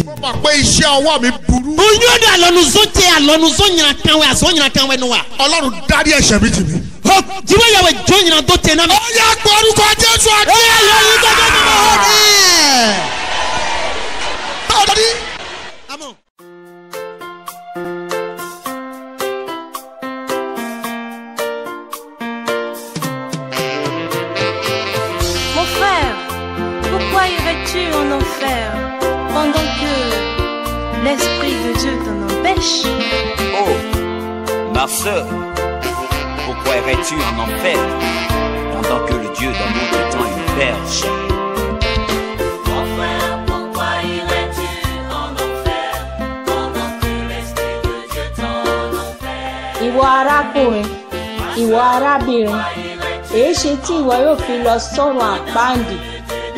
Mo mọ̀ pé iṣẹ́ ọwọ́ mi burú. Unyɔn do alɔnusɔn cɛ alɔnusɔn ɲinan kan wẹ̀ àsɔn ɲinan kan wa. ni wa. Ọlọ́run dárí ẹ̀ṣẹ̀ mi jì mí. Hɔ jibayawo jo ɲinan tó tẹ̀ náà. Ó yà gbọ́dúkọ Jésù àti. Ó yà yọ Oh, ma sœur, pourquoi irais-tu en enfer pendant que le Dieu d'amour te tend une perche Mon frère, pourquoi irais-tu en enfer pendant que Ìwọ arákùnrin, ìwọ arábìnrin, èé ṣe tí ìwọ yóò fi lọ sọ́run àpáǹdì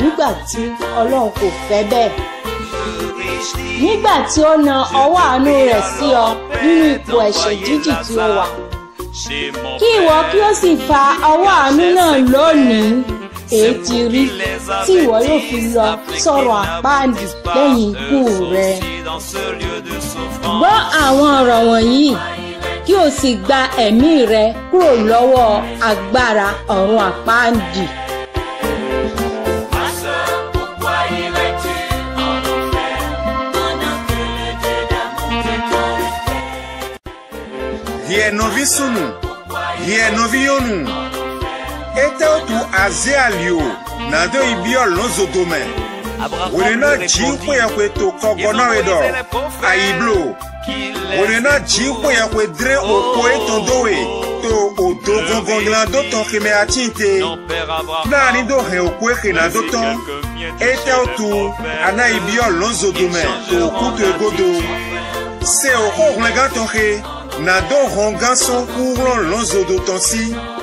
nígbà tí Ọlọ́run kò fẹ́ bẹ́ẹ̀ nígbà tí ó na ọwọ́ àánú rẹ̀ sí ọ nínú ipò ẹ̀ṣẹ̀ jíjì tí ó wà. kí ìwọ kí ó sì fa ọwọ́ àánú náà lónìí èyí ti rí tí ìwọ yóò fi lọ sọ̀rọ̀ àpáàdì lẹ́yìn ikú rẹ. gbọ́ àwọn ọ̀rọ̀ wọ̀nyí kí o sì gba ẹ̀mí rẹ kúrò lọ́wọ́ agbára ọ̀run àpáàdì. ye nɔvi sunu ye nɔvinyɔnu etewo tu azeali o nado ibiɔ lɔzodo me wòlenɔ dzikpɛyɛkoe to kɔgbɔnɔwe dɔ ayiblo wòlenɔ dzikpɛyɛkoe dre oko etɔdowe to odo gɔngɔnglã do tɔn kemɛ atsinte naani do hɛn okoe kena do tɔn etewo tu anayibiɔ lɔzodo me to kutu egodo se o xɔ hlɛ gã tɔxe. Nadon Honga, son courant lon lonzo do